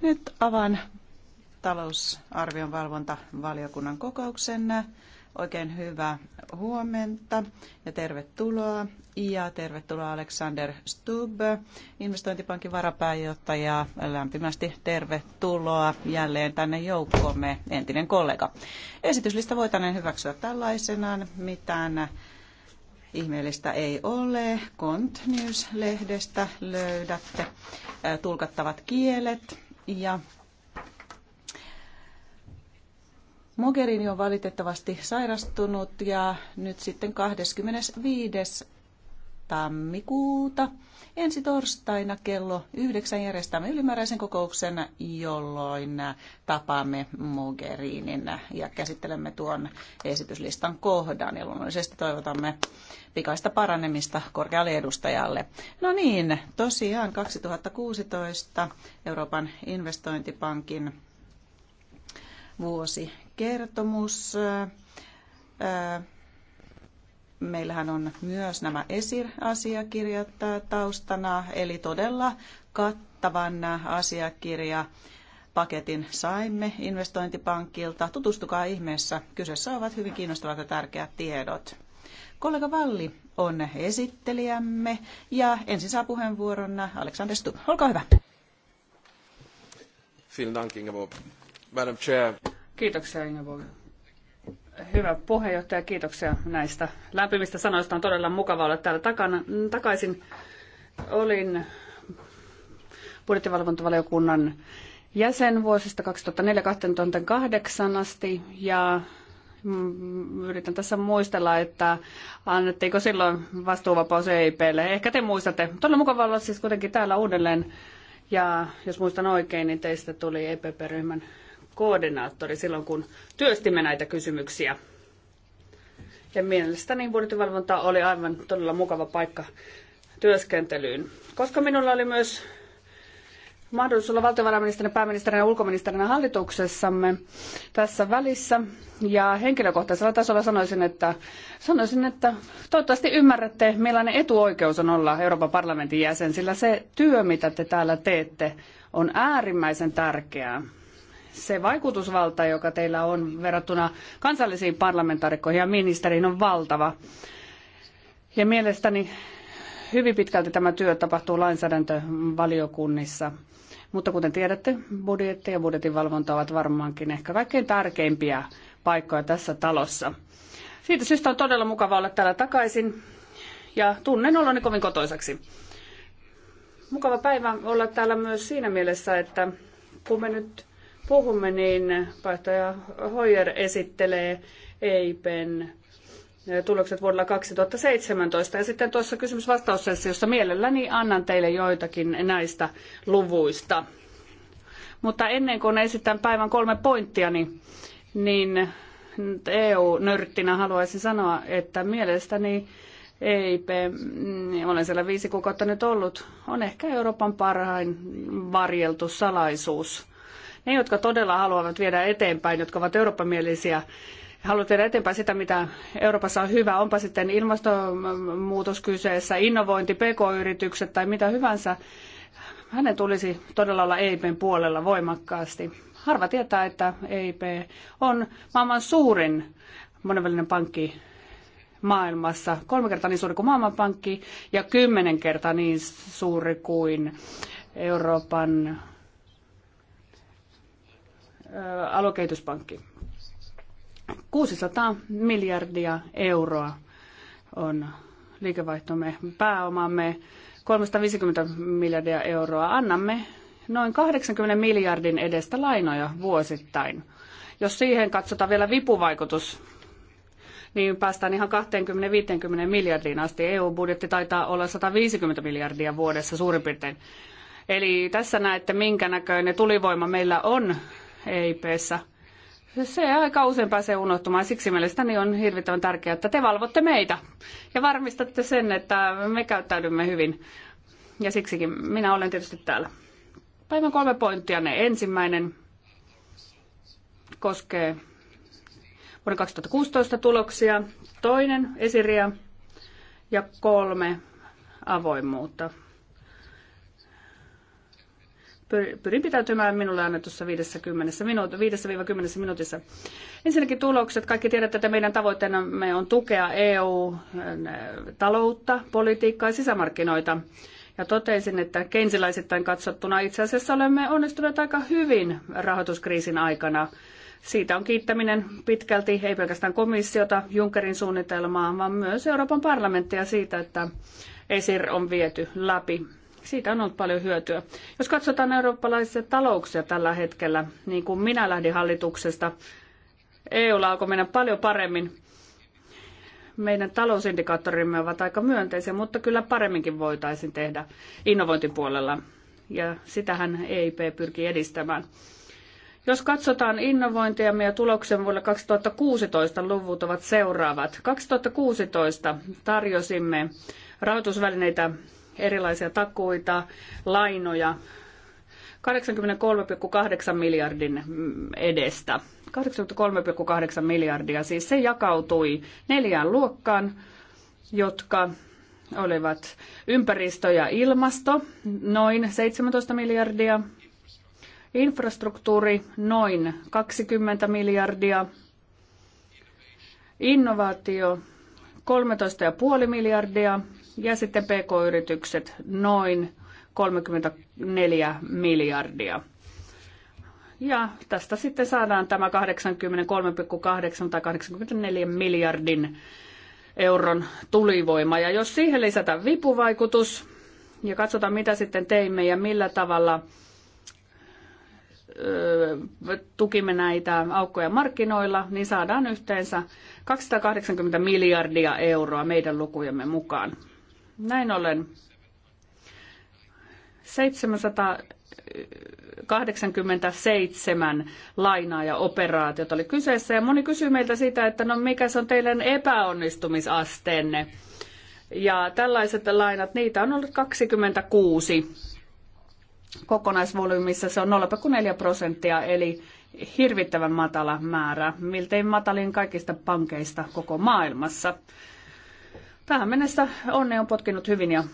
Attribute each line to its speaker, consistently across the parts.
Speaker 1: Nyt avaan talousarvion valvontavaliokunnan kokouksen. Oikein hyvää huomenta ja tervetuloa. Ja tervetuloa Alexander Stubb, investointipankin varapääjohtaja. Lämpimästi tervetuloa jälleen tänne joukkoomme, entinen kollega. Esityslista voitaneen hyväksyä tällaisenaan. Mitään ihmeellistä ei ole. Kont News-lehdestä löydätte tulkattavat kielet ja Mogherini on valitettavasti sairastunut ja nyt sitten 25 tammikuuta. Ensi torstaina kello yhdeksän järjestämme ylimääräisen kokouksen, jolloin tapaamme Mogherinin ja käsittelemme tuon esityslistan kohdan. Ja luonnollisesti toivotamme pikaista paranemista korkealle edustajalle. No niin, tosiaan 2016 Euroopan investointipankin vuosikertomus meillähän on myös nämä esirasiakirjat taustana, eli todella kattavan asiakirja paketin saimme investointipankilta. Tutustukaa ihmeessä, kyseessä ovat hyvin kiinnostavat ja tärkeät tiedot. Kollega Valli on esittelijämme ja ensin saa puheenvuoron Alexander Stubb. Olkaa hyvä. Vielen Dank, Ingeborg. Madam Chair.
Speaker 2: Kiitoksia, Ingeborg. Hyvä puheenjohtaja, kiitoksia näistä lämpimistä sanoista. On todella mukava olla täällä takana. Takaisin olin budjettivalvontavaliokunnan jäsen vuosista 2004-2008 asti ja mm, yritän tässä muistella, että annettiinko silloin vastuuvapaus EIPlle. Ehkä te muistatte. Todella mukava olla siis kuitenkin täällä uudelleen. Ja jos muistan oikein, niin teistä tuli EPP-ryhmän koordinaattori silloin, kun työstimme näitä kysymyksiä. Ja mielestäni budjettivalvonta oli aivan todella mukava paikka työskentelyyn. Koska minulla oli myös mahdollisuus olla valtiovarainministerinä, pääministerinä ja ulkoministerinä hallituksessamme tässä välissä. Ja henkilökohtaisella tasolla sanoisin, että, sanoisin, että toivottavasti ymmärrätte, millainen etuoikeus on olla Euroopan parlamentin jäsen, sillä se työ, mitä te täällä teette, on äärimmäisen tärkeää se vaikutusvalta, joka teillä on verrattuna kansallisiin parlamentaarikkoihin ja ministeriin, on valtava. Ja mielestäni hyvin pitkälti tämä työ tapahtuu lainsäädäntövaliokunnissa. Mutta kuten tiedätte, budjetti ja budjetinvalvonta ovat varmaankin ehkä kaikkein tärkeimpiä paikkoja tässä talossa. Siitä syystä on todella mukava olla täällä takaisin ja tunnen oloni kovin kotoisaksi. Mukava päivä olla täällä myös siinä mielessä, että kun me nyt puhumme, niin päättäjä Hoyer esittelee EIPen tulokset vuodella 2017. Ja sitten tuossa kysymys-vastaussessiossa mielelläni annan teille joitakin näistä luvuista. Mutta ennen kuin esitän päivän kolme pointtia, niin, niin EU-nörttinä haluaisin sanoa, että mielestäni EIP, mm, olen siellä viisi kuukautta nyt ollut, on ehkä Euroopan parhain varjeltu salaisuus. Ne, jotka todella haluavat viedä eteenpäin, jotka ovat eurooppamielisiä, haluavat viedä eteenpäin sitä, mitä Euroopassa on hyvä, onpa sitten ilmastonmuutos kyseessä, innovointi, pk-yritykset tai mitä hyvänsä, hänen tulisi todella olla EIPn puolella voimakkaasti. Harva tietää, että EIP on maailman suurin monenvälinen pankki maailmassa. Kolme kertaa niin suuri kuin Maailmanpankki ja kymmenen kertaa niin suuri kuin Euroopan alokehityspankki. 600 miljardia euroa on liikevaihtomme, pääomamme 350 miljardia euroa. Annamme noin 80 miljardin edestä lainoja vuosittain. Jos siihen katsotaan vielä vipuvaikutus, niin päästään ihan 20-50 miljardiin asti. EU-budjetti taitaa olla 150 miljardia vuodessa suurin piirtein. Eli tässä näette, minkä näköinen tulivoima meillä on EIPssä. Se aika usein pääsee unohtumaan, siksi mielestäni on hirvittävän tärkeää, että te valvotte meitä ja varmistatte sen, että me käyttäydymme hyvin. Ja siksikin minä olen tietysti täällä. Päivän kolme pointtia. Ne ensimmäinen koskee vuoden 2016 tuloksia, toinen esiriä ja kolme avoimuutta pyrin pitäytymään minulle annetussa 50 minuut, 5-10 minuutissa. Ensinnäkin tulokset. Kaikki tiedätte, että meidän tavoitteena on tukea EU-taloutta, eh, politiikkaa ja sisämarkkinoita. Ja totesin, että keinsiläisittäin katsottuna itse asiassa olemme onnistuneet aika hyvin rahoituskriisin aikana. Siitä on kiittäminen pitkälti, ei pelkästään komissiota, Junckerin suunnitelmaa, vaan myös Euroopan parlamenttia siitä, että ESIR on viety läpi siitä on ollut paljon hyötyä. Jos katsotaan eurooppalaisia talouksia tällä hetkellä, niin kuin minä lähdin hallituksesta, EUlla alkoi mennä paljon paremmin. Meidän talousindikaattorimme ovat aika myönteisiä, mutta kyllä paremminkin voitaisiin tehdä innovointipuolella. Ja sitähän EIP pyrkii edistämään. Jos katsotaan innovointia ja tuloksen vuodelle 2016, luvut ovat seuraavat. 2016 tarjosimme rahoitusvälineitä erilaisia takuita, lainoja 83,8 miljardin edestä. 83,8 miljardia siis se jakautui neljään luokkaan, jotka olivat ympäristö ja ilmasto, noin 17 miljardia, infrastruktuuri, noin 20 miljardia, innovaatio, 13,5 miljardia, ja sitten pk-yritykset noin 34 miljardia. Ja tästä sitten saadaan tämä 83,8 tai 84 miljardin euron tulivoima. Ja jos siihen lisätään vipuvaikutus ja katsotaan mitä sitten teimme ja millä tavalla tukimme näitä aukkoja markkinoilla, niin saadaan yhteensä 280 miljardia euroa meidän lukujemme mukaan. Näin ollen 787 lainaa ja operaatiot oli kyseessä. Ja moni kysyi meiltä sitä, että no mikä se on teidän epäonnistumisasteenne. Ja tällaiset lainat, niitä on ollut 26. Kokonaisvolyymissa se on 0,4 prosenttia, eli hirvittävän matala määrä, miltei matalin kaikista pankeista koko maailmassa. Tähän mennessä onne on potkinut hyvin ja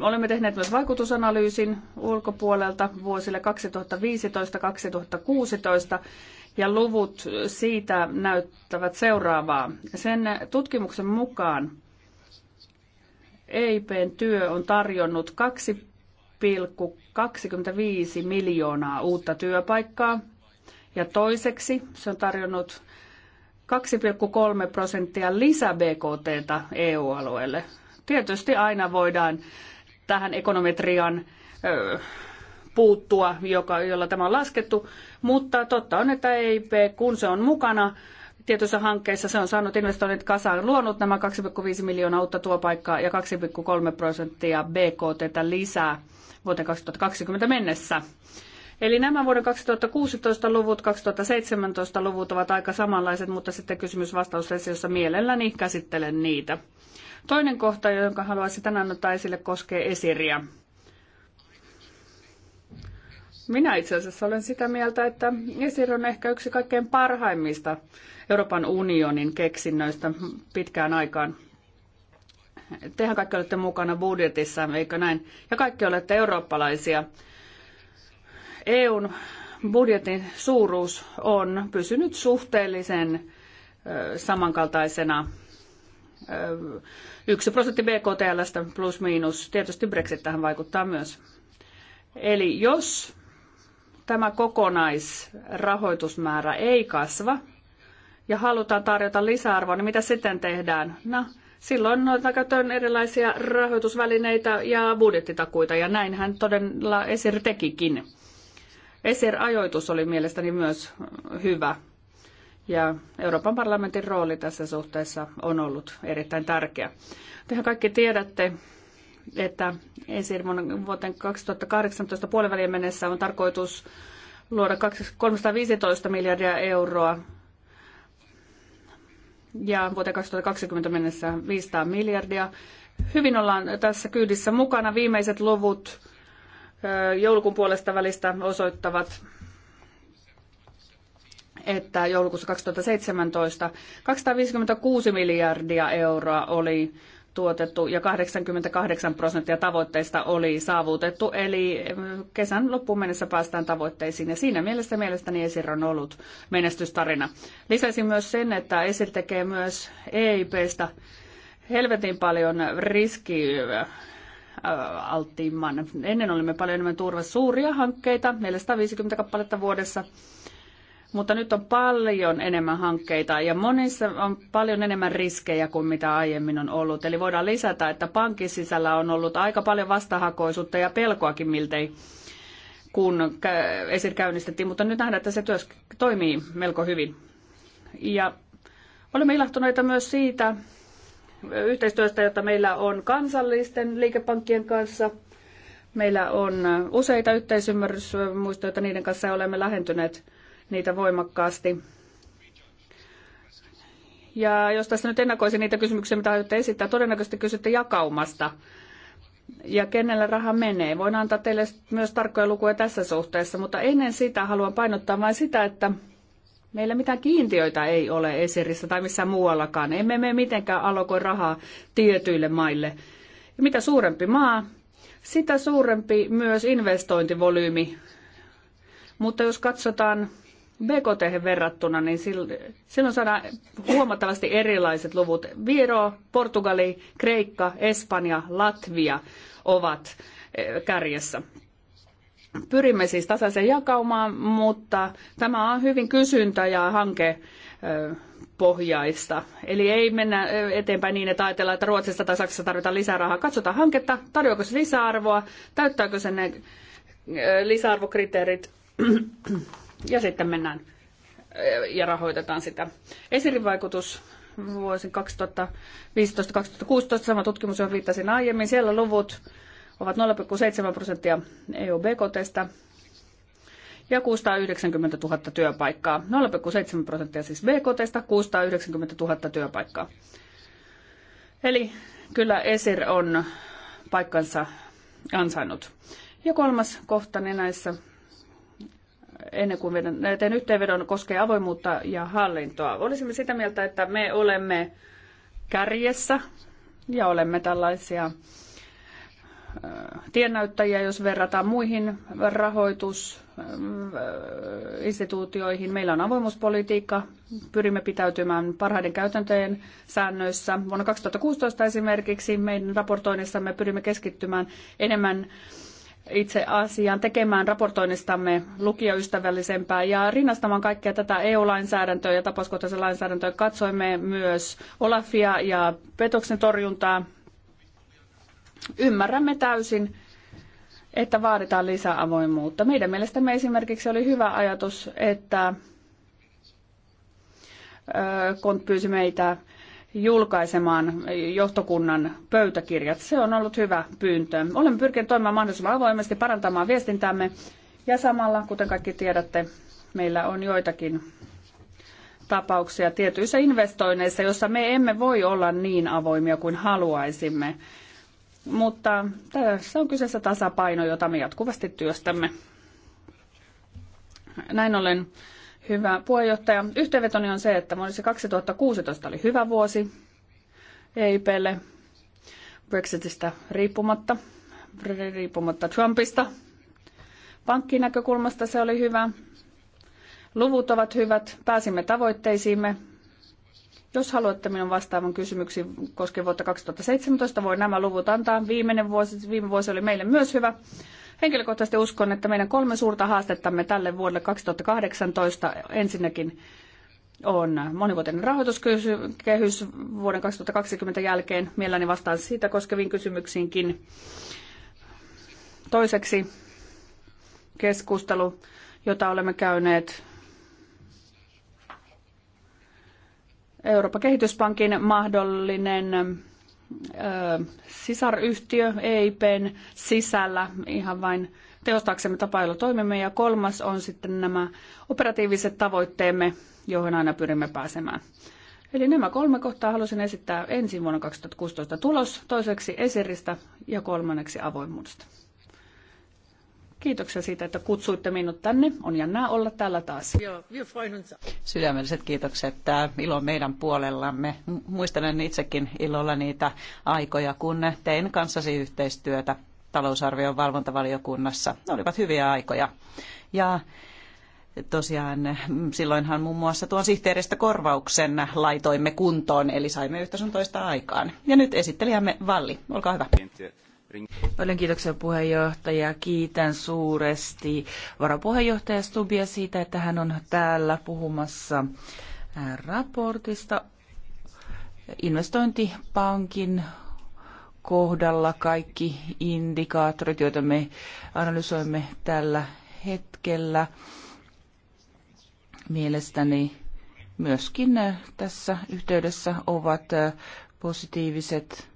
Speaker 2: olemme tehneet myös vaikutusanalyysin ulkopuolelta vuosille 2015-2016 ja luvut siitä näyttävät seuraavaa. Sen tutkimuksen mukaan EIPn työ on tarjonnut 2,25 miljoonaa uutta työpaikkaa ja toiseksi se on tarjonnut 2,3 prosenttia lisää BKTtä EU-alueelle. Tietysti aina voidaan tähän ekonometrian ö, puuttua, joka, jolla tämä on laskettu, mutta totta on, että EIP, kun se on mukana tietyissä hankkeissa, se on saanut investoinnit kasaan, luonut nämä 2,5 miljoonaa uutta tuopaikkaa ja 2,3 prosenttia BKTtä lisää vuoteen 2020 mennessä. Eli nämä vuoden 2016 luvut, 2017 luvut ovat aika samanlaiset, mutta sitten kysymys-vastaussesiossa mielelläni käsittelen niitä. Toinen kohta, jonka haluaisin tänään ottaa esille, koskee esiriä. Minä itse asiassa olen sitä mieltä, että Esir on ehkä yksi kaikkein parhaimmista Euroopan unionin keksinnöistä pitkään aikaan. Tehän kaikki olette mukana budjetissa, eikö näin? Ja kaikki olette eurooppalaisia. EUn budjetin suuruus on pysynyt suhteellisen samankaltaisena. Yksi prosentti BKTLstä plus miinus. Tietysti Brexit tähän vaikuttaa myös. Eli jos tämä kokonaisrahoitusmäärä ei kasva ja halutaan tarjota lisäarvoa, niin mitä sitten tehdään? No, silloin noita käyttöön erilaisia rahoitusvälineitä ja budjettitakuita, ja näinhän todella Esir tekikin eser ajoitus oli mielestäni myös hyvä. Ja Euroopan parlamentin rooli tässä suhteessa on ollut erittäin tärkeä. Tehän kaikki tiedätte, että ESER vuoteen 2018 puolivälien mennessä on tarkoitus luoda 315 miljardia euroa ja vuoteen 2020 mennessä 500 miljardia. Hyvin ollaan tässä kyydissä mukana. Viimeiset luvut joulukuun puolesta välistä osoittavat, että joulukuussa 2017 256 miljardia euroa oli tuotettu ja 88 prosenttia tavoitteista oli saavutettu. Eli kesän loppuun mennessä päästään tavoitteisiin ja siinä mielessä mielestäni Esir on ollut menestystarina. Lisäisin myös sen, että Esir tekee myös EIPstä helvetin paljon riskiä. Äh, alttiimman. Ennen olimme paljon enemmän turvassa suuria hankkeita, 450 kappaletta vuodessa, mutta nyt on paljon enemmän hankkeita ja monissa on paljon enemmän riskejä kuin mitä aiemmin on ollut. Eli voidaan lisätä, että pankin sisällä on ollut aika paljon vastahakoisuutta ja pelkoakin miltei kun esir käynnistettiin, mutta nyt nähdään, että se työs toimii melko hyvin. Ja olemme ilahtuneita myös siitä, yhteistyöstä, jota meillä on kansallisten liikepankkien kanssa. Meillä on useita yhteisymmärrysmuistoja, niiden kanssa olemme lähentyneet niitä voimakkaasti. Ja jos tässä nyt ennakoisin niitä kysymyksiä, mitä aiotte esittää, todennäköisesti kysytte jakaumasta ja kenellä raha menee. Voin antaa teille myös tarkkoja lukuja tässä suhteessa, mutta ennen sitä haluan painottaa vain sitä, että Meillä mitään kiintiöitä ei ole Eserissä tai missään muuallakaan. Emme me mitenkään alokoi rahaa tietyille maille. Ja mitä suurempi maa, sitä suurempi myös investointivolyymi. Mutta jos katsotaan BKT verrattuna, niin silloin saadaan huomattavasti erilaiset luvut. Viro, Portugali, Kreikka, Espanja, Latvia ovat eh, kärjessä. Pyrimme siis tasaiseen jakaumaan, mutta tämä on hyvin kysyntä- ja hanke pohjaista. Eli ei mennä eteenpäin niin, että ajatellaan, että Ruotsista tai Saksassa tarvitaan lisää rahaa. Katsotaan hanketta, tarjoako se lisäarvoa, täyttääkö se ne lisäarvokriteerit ja sitten mennään ja rahoitetaan sitä. Esirivaikutus vaikutus vuosin 2015-2016, sama tutkimus, johon viittasin aiemmin, siellä luvut ovat 0,7 prosenttia EU-BKTstä ja 690 000 työpaikkaa. 0,7 prosenttia siis BKTstä, 690 000 työpaikkaa. Eli kyllä ESIR on paikkansa ansainnut. Ja kolmas kohta niin näissä, ennen kuin teen yhteenvedon, koskee avoimuutta ja hallintoa. Olisimme sitä mieltä, että me olemme kärjessä ja olemme tällaisia Äh, tiennäyttäjiä, jos verrataan muihin rahoitusinstituutioihin. Meillä on avoimuuspolitiikka, pyrimme pitäytymään parhaiden käytäntöjen säännöissä. Vuonna 2016 esimerkiksi meidän raportoinnissamme pyrimme keskittymään enemmän itse asiaan, tekemään raportoinnistamme lukijaystävällisempää ja rinnastamaan kaikkea tätä EU-lainsäädäntöä ja tapauskohtaisen lainsäädäntöä. Katsoimme myös Olafia ja petoksen torjuntaa Ymmärrämme täysin, että vaaditaan lisää avoimuutta. Meidän mielestämme esimerkiksi oli hyvä ajatus, että kun pyysi meitä julkaisemaan johtokunnan pöytäkirjat. Se on ollut hyvä pyyntö. Olemme pyrkineet toimimaan mahdollisimman avoimesti, parantamaan viestintäämme ja samalla, kuten kaikki tiedätte, meillä on joitakin tapauksia tietyissä investoinneissa, joissa me emme voi olla niin avoimia kuin haluaisimme. Mutta tässä on kyseessä tasapaino, jota me jatkuvasti työstämme. Näin ollen, hyvä puheenjohtaja. Yhteenvetoni on se, että vuosi 2016 oli hyvä vuosi EIPlle Brexitistä riippumatta, riippumatta Trumpista. Pankkinäkökulmasta se oli hyvä. Luvut ovat hyvät, pääsimme tavoitteisiimme, jos haluatte minun vastaavan kysymyksiin koskien vuotta 2017, voi nämä luvut antaa. Viimeinen vuosi, viime vuosi oli meille myös hyvä. Henkilökohtaisesti uskon, että meidän kolme suurta haastettamme tälle vuodelle 2018 ensinnäkin on monivuotinen rahoituskehys vuoden 2020 jälkeen. Mielelläni vastaan siitä koskeviin kysymyksiinkin. Toiseksi keskustelu, jota olemme käyneet Euroopan kehityspankin mahdollinen sisaryhtiö EIPn sisällä ihan vain tehostaaksemme tapailla toimimme. Ja kolmas on sitten nämä operatiiviset tavoitteemme, joihin aina pyrimme pääsemään. Eli nämä kolme kohtaa halusin esittää ensin vuonna 2016 tulos, toiseksi esiristä ja kolmanneksi avoimuudesta. Kiitoksia siitä, että kutsuitte minut tänne. On jännää olla täällä taas.
Speaker 1: Sydämelliset kiitokset. Ilo meidän puolellamme. Muistelen itsekin ilolla niitä aikoja, kun tein kanssasi yhteistyötä talousarvion valvontavaliokunnassa. Ne olivat hyviä aikoja. Ja tosiaan silloinhan muun muassa tuon korvauksen laitoimme kuntoon, eli saimme yhtä sun toista aikaan. Ja nyt esittelijämme Valli, olkaa hyvä. Paljon kiitoksia puheenjohtaja.
Speaker 3: Kiitän suuresti varapuheenjohtaja Stubia siitä, että hän on täällä puhumassa äh, raportista. Investointipankin kohdalla kaikki indikaattorit, joita me analysoimme tällä hetkellä, mielestäni myöskin äh, tässä yhteydessä ovat äh, positiiviset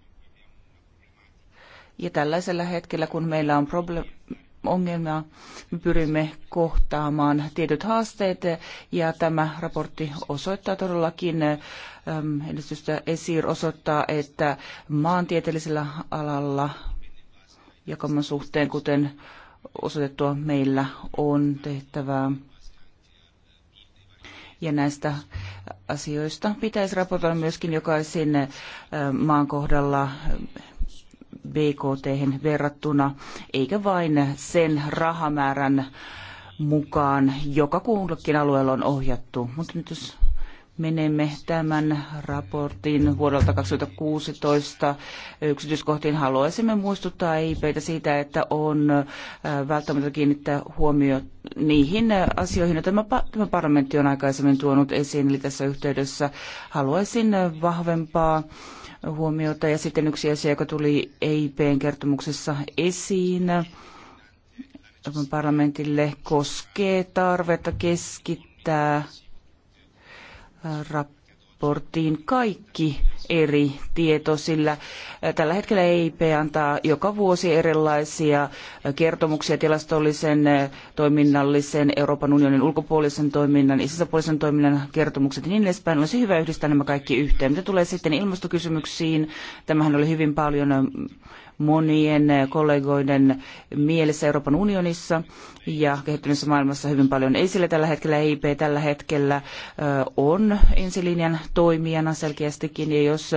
Speaker 3: ja tällaisella hetkellä, kun meillä on problem- ongelmia, me pyrimme kohtaamaan tietyt haasteet ja tämä raportti osoittaa todellakin edistystä esiin osoittaa, että maantieteellisellä alalla jakaman suhteen, kuten osoitettua meillä on tehtävää. Ja näistä asioista pitäisi raportoida myöskin jokaisen maan kohdalla BKT verrattuna, eikä vain sen rahamäärän mukaan, joka kullakin alueella on ohjattu. Mutta nyt jos menemme tämän raportin vuodelta 2016 yksityiskohtiin. Haluaisimme muistuttaa EIPitä siitä, että on välttämätöntä kiinnittää huomio niihin asioihin, joita tämä parlamentti on aikaisemmin tuonut esiin. Eli tässä yhteydessä haluaisin vahvempaa huomiota. Ja sitten yksi asia, joka tuli EIPn kertomuksessa esiin Euroopan parlamentille, koskee tarvetta keskittää rap- raporttiin kaikki eri tieto, sillä tällä hetkellä EIP antaa joka vuosi erilaisia kertomuksia tilastollisen, toiminnallisen, Euroopan unionin ulkopuolisen toiminnan ja sisäpuolisen toiminnan kertomukset ja niin edespäin. Olisi hyvä yhdistää nämä kaikki yhteen. Mitä tulee sitten ilmastokysymyksiin, tämähän oli hyvin paljon monien kollegoiden mielessä Euroopan unionissa ja kehittyneessä maailmassa hyvin paljon esillä tällä hetkellä. EIP tällä hetkellä on ensilinjan toimijana selkeästikin ja jos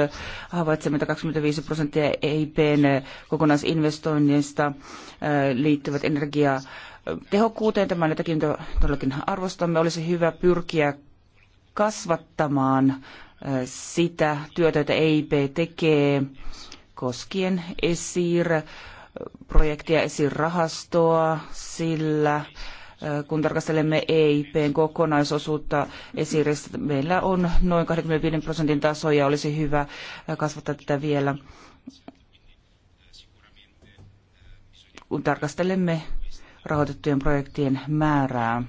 Speaker 3: havaitsemme, että 25 prosenttia EIPn kokonaisinvestoinneista liittyvät energiaa tehokkuuteen. Tämä on jotakin todellakin arvostamme. Olisi hyvä pyrkiä kasvattamaan sitä työtä, jota EIP tekee koskien ESIR-projektia, ESIR-rahastoa, sillä äh, kun tarkastelemme EIPn kokonaisosuutta esiristä, meillä on noin 25 prosentin taso ja olisi hyvä äh, kasvattaa tätä vielä. Kun tarkastelemme rahoitettujen projektien määrää,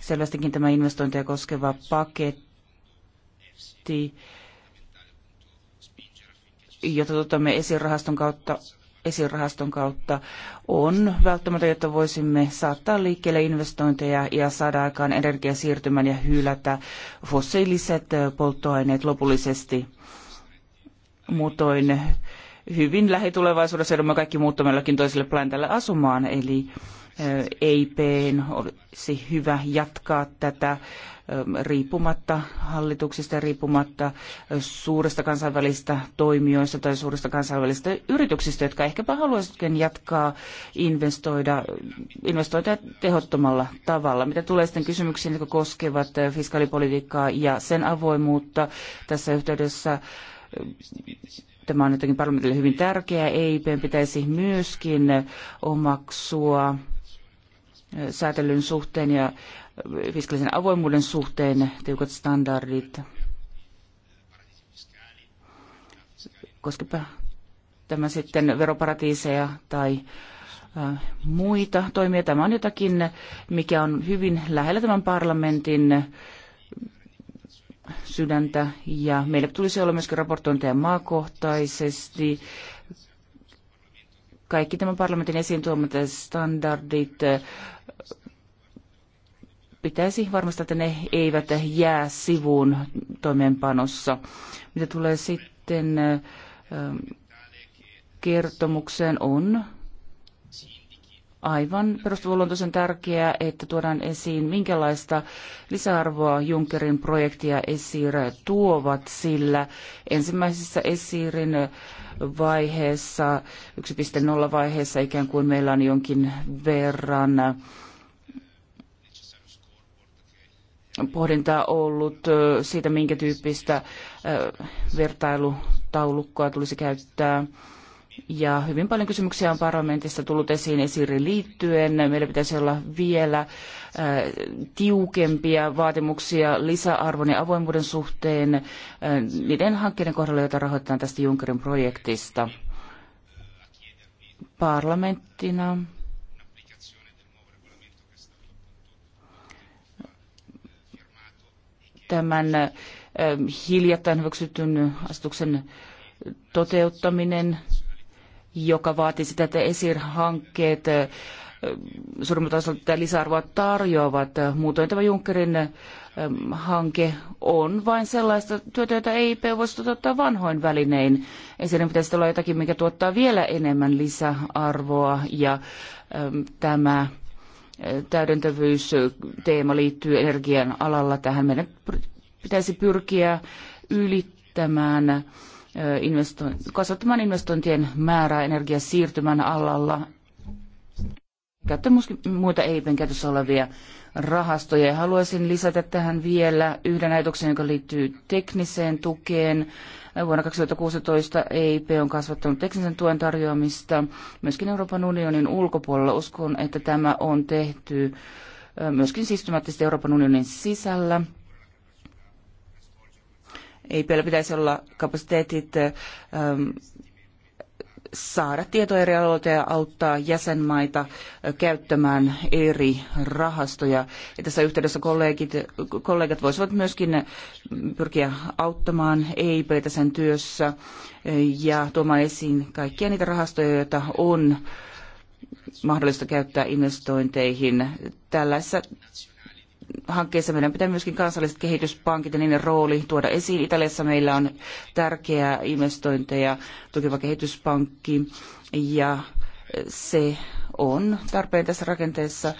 Speaker 3: selvästikin tämä investointeja koskeva paketti jota tuotamme esirahaston kautta, esirahaston kautta, on välttämätöntä, jotta voisimme saattaa liikkeelle investointeja ja saada aikaan energiasiirtymän ja hylätä fossiiliset polttoaineet lopullisesti. Muutoin hyvin lähitulevaisuudessa joudumme kaikki muuttamaillakin toiselle planeetalle asumaan, eli EIPn olisi hyvä jatkaa tätä riippumatta hallituksista, riippumatta suurista kansainvälistä toimijoista tai suurista kansainvälistä yrityksistä, jotka ehkäpä haluaisivatkin jatkaa investoida, investoida tehottomalla tavalla. Mitä tulee sitten kysymyksiin, jotka koskevat fiskaalipolitiikkaa ja sen avoimuutta tässä yhteydessä, tämä on jotenkin parlamentille hyvin tärkeää. EIP pitäisi myöskin omaksua säätelyn suhteen ja fiskaalisen avoimuuden suhteen tiukat standardit. Koskepa tämä sitten veroparatiiseja tai muita toimia. Tämä on jotakin, mikä on hyvin lähellä tämän parlamentin sydäntä ja meille tulisi olla myöskin raportointeja maakohtaisesti kaikki tämän parlamentin esiin tuomat standardit pitäisi varmistaa, että ne eivät jää sivuun toimeenpanossa. Mitä tulee sitten kertomukseen, on aivan perustavanluontoisen tärkeää, että tuodaan esiin, minkälaista lisäarvoa Junckerin projektia ESIR tuovat, sillä ensimmäisessä ESIRin vaiheessa, 1.0 vaiheessa ikään kuin meillä on jonkin verran pohdintaa ollut siitä, minkä tyyppistä vertailutaulukkoa tulisi käyttää ja hyvin paljon kysymyksiä on parlamentissa tullut esiin esiriin liittyen. Meillä pitäisi olla vielä äh, tiukempia vaatimuksia lisäarvon ja avoimuuden suhteen äh, niiden hankkeiden kohdalla, joita rahoitetaan tästä Junckerin projektista. Parlamenttina tämän äh, hiljattain hyväksytyn asetuksen toteuttaminen joka vaatii sitä, että ESIR-hankkeet suurimmalta osalta tätä lisäarvoa tarjoavat. Muutoin tämä Junckerin hanke on vain sellaista työtä, jota EIP voisi toteuttaa vanhoin välinein. Esimerkiksi pitäisi olla jotakin, mikä tuottaa vielä enemmän lisäarvoa ja tämä täydentävyysteema liittyy energian alalla tähän. Meidän pitäisi pyrkiä ylittämään investo- kasvattamaan investointien määrää energiasiirtymän alalla käyttää myös muita EIPen käytössä olevia rahastoja. haluaisin lisätä tähän vielä yhden ajatuksen, joka liittyy tekniseen tukeen. Vuonna 2016 EIP on kasvattanut teknisen tuen tarjoamista myöskin Euroopan unionin ulkopuolella. Uskon, että tämä on tehty myöskin systemaattisesti Euroopan unionin sisällä. Ei pitäisi olla kapasiteetit ähm, saada tietoja eri aloilta ja auttaa jäsenmaita käyttämään eri rahastoja. Ja tässä yhteydessä kollegit, kollegat voisivat myöskin pyrkiä auttamaan EIPtä sen työssä ja tuomaan esiin kaikkia niitä rahastoja, joita on mahdollista käyttää investointeihin. Tällaisessa hankkeessa meidän pitää myöskin kansalliset kehityspankit ja niiden rooli tuoda esiin. Italiassa meillä on tärkeää investointeja tukeva kehityspankki ja se on tarpeen tässä rakenteessa.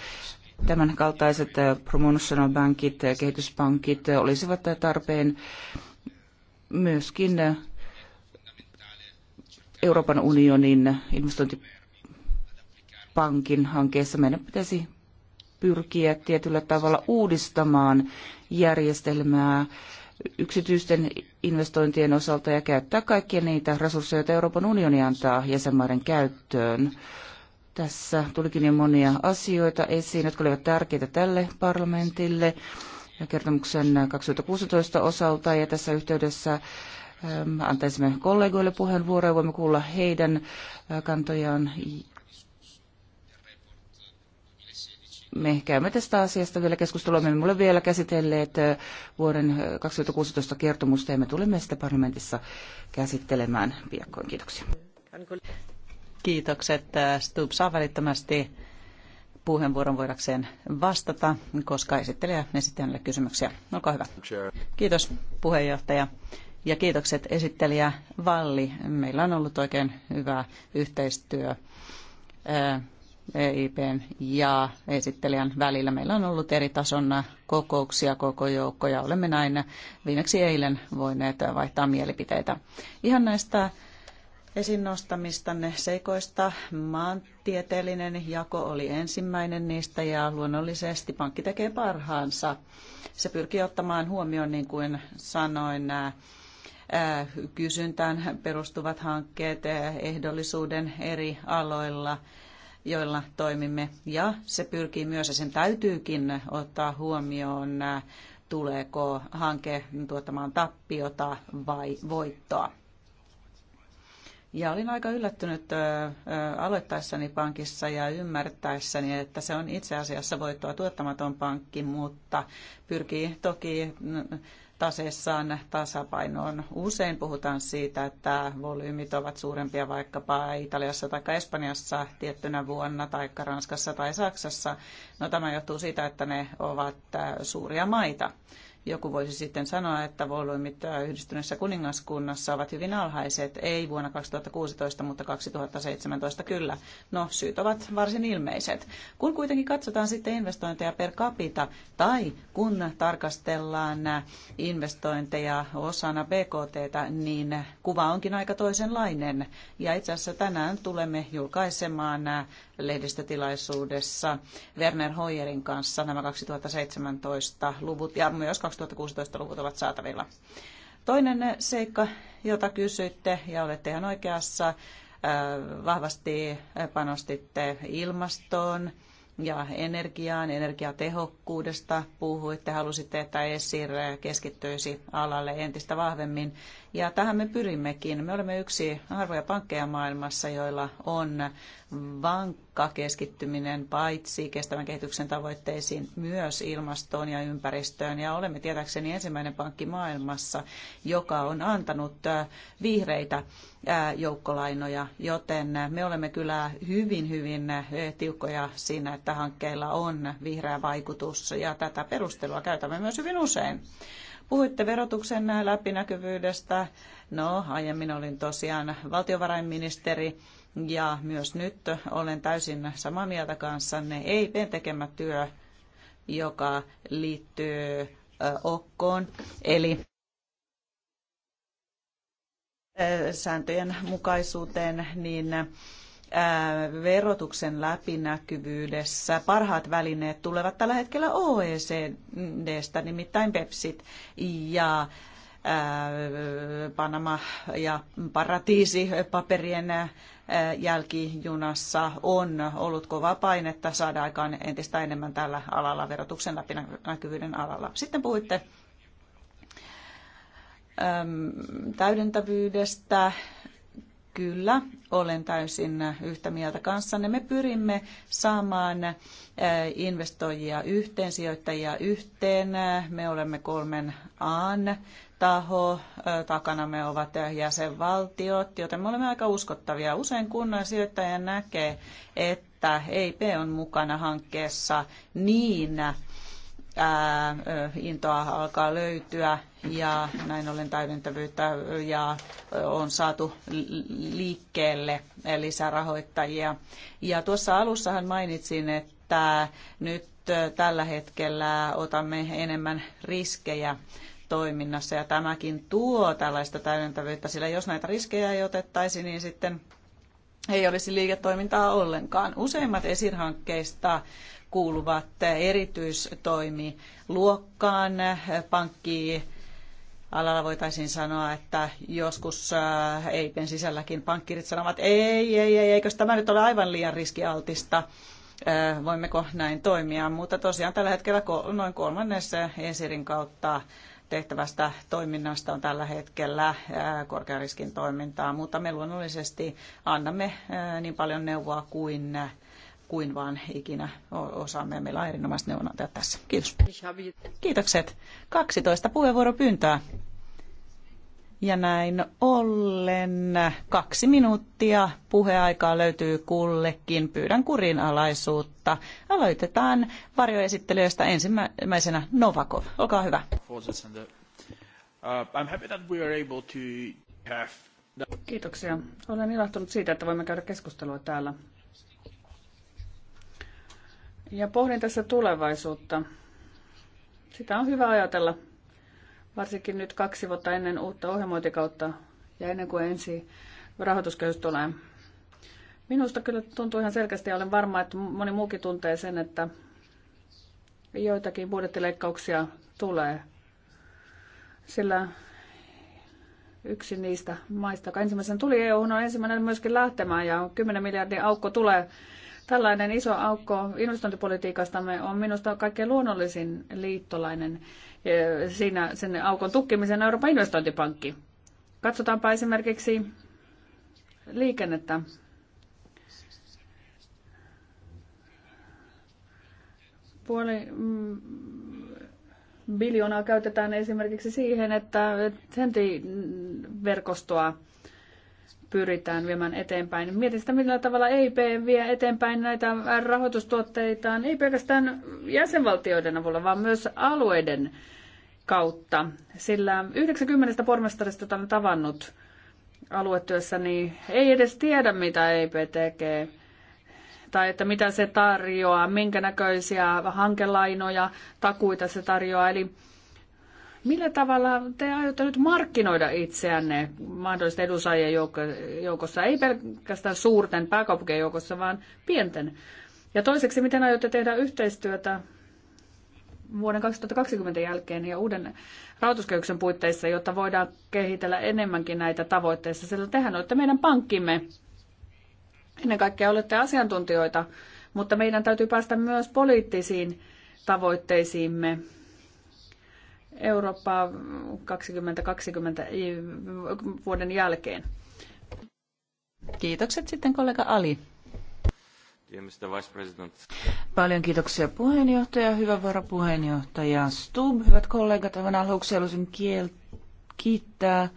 Speaker 3: Tämän kaltaiset eh, promotional bankit, kehityspankit olisivat tarpeen myöskin eh, Euroopan unionin investointipankin hankkeessa. Meidän pitäisi pyrkiä tietyllä tavalla uudistamaan järjestelmää yksityisten investointien osalta ja käyttää kaikkia niitä resursseja, joita Euroopan unioni antaa jäsenmaiden käyttöön. Tässä tulikin jo monia asioita esiin, jotka olivat tärkeitä tälle parlamentille ja kertomuksen 2016 osalta. Ja tässä yhteydessä ähm, antaisimme kollegoille puheenvuoroja, voimme kuulla heidän äh, kantojaan me käymme tästä asiasta vielä keskustelua. Me emme ole vielä käsitelleet vuoden 2016 kertomusta ja me tulemme sitä parlamentissa
Speaker 1: käsittelemään piakkoin. Kiitoksia. Kiitokset. Stub saa välittömästi puheenvuoron voidakseen vastata, koska esittelijä esitti hänelle kysymyksiä. Olkaa hyvä. Kiitos puheenjohtaja ja kiitokset esittelijä Valli. Meillä on ollut oikein hyvä yhteistyö EIPn ja esittelijän välillä. Meillä on ollut eri tason kokouksia koko joukko ja olemme näin viimeksi eilen voineet vaihtaa mielipiteitä. Ihan näistä esiin nostamistanne seikoista maantieteellinen jako oli ensimmäinen niistä ja luonnollisesti pankki tekee parhaansa. Se pyrkii ottamaan huomioon, niin kuin sanoin, nämä kysyntään perustuvat hankkeet ehdollisuuden eri aloilla – joilla toimimme. Ja se pyrkii myös ja sen täytyykin ottaa huomioon, äh, tuleeko hanke tuottamaan tappiota vai voittoa. Ja olin aika yllättynyt äh, äh, aloittaessani pankissa ja ymmärtäessäni, että se on itse asiassa voittoa tuottamaton pankki, mutta pyrkii toki mm, taseessaan tasapainoon. Usein puhutaan siitä, että volyymit ovat suurempia vaikkapa Italiassa tai Espanjassa tiettynä vuonna, tai Ranskassa tai Saksassa. No, tämä johtuu siitä, että ne ovat äh, suuria maita. Joku voisi sitten sanoa, että volyymit äh, yhdistyneessä kuningaskunnassa ovat hyvin alhaiset, ei vuonna 2016, mutta 2017 kyllä. No, syyt ovat varsin ilmeiset. Kun kuitenkin katsotaan sitten investointeja per capita tai kun tarkastellaan äh, investointeja osana BKT, niin kuva onkin aika toisenlainen. Ja itse asiassa tänään tulemme julkaisemaan äh, lehdistötilaisuudessa Werner Hoyerin kanssa nämä 2017 luvut ja myös 2016 luvut ovat saatavilla. Toinen seikka, jota kysyitte ja olette ihan oikeassa, äh, vahvasti panostitte ilmastoon ja energiaan, energiatehokkuudesta puhuitte, halusitte, että ESIR keskittyisi alalle entistä vahvemmin. Ja tähän me pyrimmekin. Me olemme yksi harvoja pankkeja maailmassa, joilla on vankka johtaa keskittyminen paitsi kestävän kehityksen tavoitteisiin myös ilmastoon ja ympäristöön. Ja olemme tietääkseni ensimmäinen pankki maailmassa, joka on antanut äh, vihreitä äh, joukkolainoja, joten äh, me olemme kyllä hyvin, hyvin tiukkoja siinä, että hankkeilla on vihreä vaikutus ja tätä perustelua käytämme myös hyvin usein. Puhuitte verotuksen läpinäkyvyydestä. No, aiemmin olin tosiaan valtiovarainministeri ja myös nyt olen täysin samaa mieltä kanssanne. EIPn tekemä työ, joka liittyy Okkoon, eli sääntöjen mukaisuuteen, niin verotuksen läpinäkyvyydessä parhaat välineet tulevat tällä hetkellä OECDstä, nimittäin Pepsit ja Panama- ja paratiisipaperien Äh, jälkijunassa on ollut kovaa että saada aikaan entistä enemmän tällä alalla, verotuksen läpinäkyvyyden alalla. Sitten puhuitte täydentävyydestä. Kyllä, olen täysin yhtä mieltä kanssanne. Me pyrimme saamaan äh, investoijia yhteen, sijoittajia yhteen. Me olemme kolmen aan taho, takana me ovat jäsenvaltiot, joten me olemme aika uskottavia. Usein kunnan sijoittaja näkee, että EIP on mukana hankkeessa, niin ää, intoa alkaa löytyä ja näin ollen täydentävyyttä ja on saatu liikkeelle lisärahoittajia. Ja tuossa alussahan mainitsin, että nyt tällä hetkellä otamme enemmän riskejä toiminnassa ja tämäkin tuo tällaista täydentävyyttä, sillä jos näitä riskejä ei otettaisi, niin sitten ei olisi liiketoimintaa ollenkaan. Useimmat esirhankkeista kuuluvat erityistoimiluokkaan. pankkiin. alalla voitaisiin sanoa, että joskus äh, EIPen sisälläkin pankkirit sanovat, ei, ei, ei, eikös tämä nyt ole aivan liian riskialtista, äh, voimmeko näin toimia. Mutta tosiaan tällä hetkellä noin kolmannes ensirin kautta tehtävästä toiminnasta on tällä hetkellä korkean riskin toimintaa, mutta me luonnollisesti annamme niin paljon neuvoa kuin kuin vaan ikinä osaamme. Meillä on erinomaiset neuvonantajat tässä. Kiitos. Kiitokset. 12 puheenvuoropyyntöä. Ja näin ollen kaksi minuuttia puheaikaa löytyy kullekin. Pyydän kurinalaisuutta. Aloitetaan varjoesittelijöistä ensimmäisenä Novakov. Olkaa hyvä.
Speaker 3: Uh,
Speaker 2: Kiitoksia. Olen ilahtunut siitä, että voimme käydä keskustelua täällä. Ja pohdin tässä tulevaisuutta. Sitä on hyvä ajatella varsinkin nyt kaksi vuotta ennen uutta ohjelmointikautta ja ennen kuin ensi rahoituskehys tulee. Minusta kyllä tuntuu ihan selkeästi ja olen varma, että moni muukin tuntee sen, että joitakin budjettileikkauksia tulee. Sillä yksi niistä maista, joka ensimmäisen tuli EU, on ensimmäinen myöskin lähtemään ja 10 miljardin aukko tulee Tällainen iso aukko investointipolitiikastamme on minusta kaikkein luonnollisin liittolainen e, siinä sen aukon tukkimisen Euroopan investointipankki. Katsotaanpa esimerkiksi liikennettä. Puoli mm, biljoonaa käytetään esimerkiksi siihen, että sentiverkostoa verkostoa pyritään viemään eteenpäin. Mietin sitä, millä tavalla EIP vie eteenpäin näitä rahoitustuotteitaan, ei pelkästään jäsenvaltioiden avulla, vaan myös alueiden kautta. Sillä 90 pormestarista, jota olen tavannut aluetyössä, niin ei edes tiedä, mitä EIP tekee tai että mitä se tarjoaa, minkä näköisiä hankelainoja, takuita se tarjoaa. Eli Millä tavalla te aiotte nyt markkinoida itseänne mahdollisten edunsaajien joukossa, ei pelkästään suurten pääkaupunkien joukossa, vaan pienten? Ja toiseksi, miten aiotte tehdä yhteistyötä vuoden 2020 jälkeen ja uuden rahoituskehyksen puitteissa, jotta voidaan kehitellä enemmänkin näitä tavoitteissa, sillä tehän olette meidän pankkimme. Ennen kaikkea olette asiantuntijoita, mutta meidän täytyy päästä myös poliittisiin tavoitteisiimme Eurooppaa 2020 vuoden jälkeen.
Speaker 3: Kiitokset sitten kollega Ali. Paljon kiitoksia puheenjohtaja, hyvä varapuheenjohtaja Stub, hyvät kollegat. Aivan aluksi haluaisin kiel- kiittää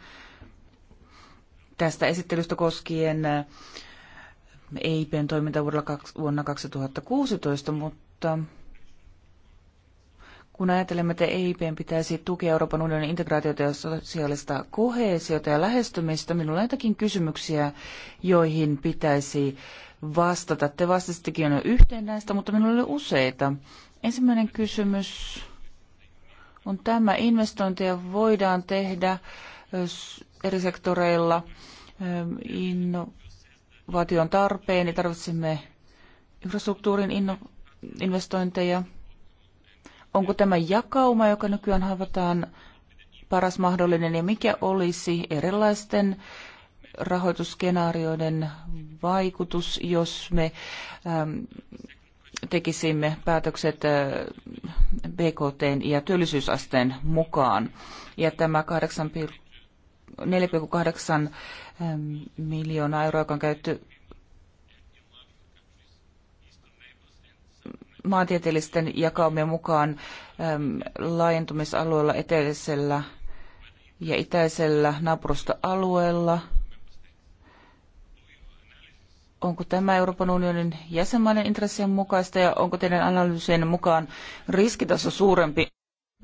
Speaker 3: tästä esittelystä koskien äh, EIPn toiminta vuonna 2016, mutta kun ajattelemme, että EIPn pitäisi tukea Euroopan unionin integraatiota ja sosiaalista koheesiota ja lähestymistä, minulla on jotakin kysymyksiä, joihin pitäisi vastata. Te vastasittekin jo yhteen näistä, mutta minulla oli useita. Ensimmäinen kysymys on tämä. Investointeja voidaan tehdä eri sektoreilla innovaation tarpeen, niin tarvitsemme infrastruktuurin investointeja, Onko tämä jakauma, joka nykyään havataan, paras mahdollinen ja mikä olisi erilaisten rahoitusskenaarioiden vaikutus, jos me ähm, tekisimme päätökset äh, BKT ja työllisyysasteen mukaan. Ja tämä 4,8 ähm, miljoonaa euroa, joka on käytetty maantieteellisten jakaumien mukaan äm, laajentumisalueella eteläisellä ja itäisellä naapurusta-alueella. Onko tämä Euroopan unionin jäsenmaiden intressien mukaista ja onko teidän analyysien mukaan riskitaso suurempi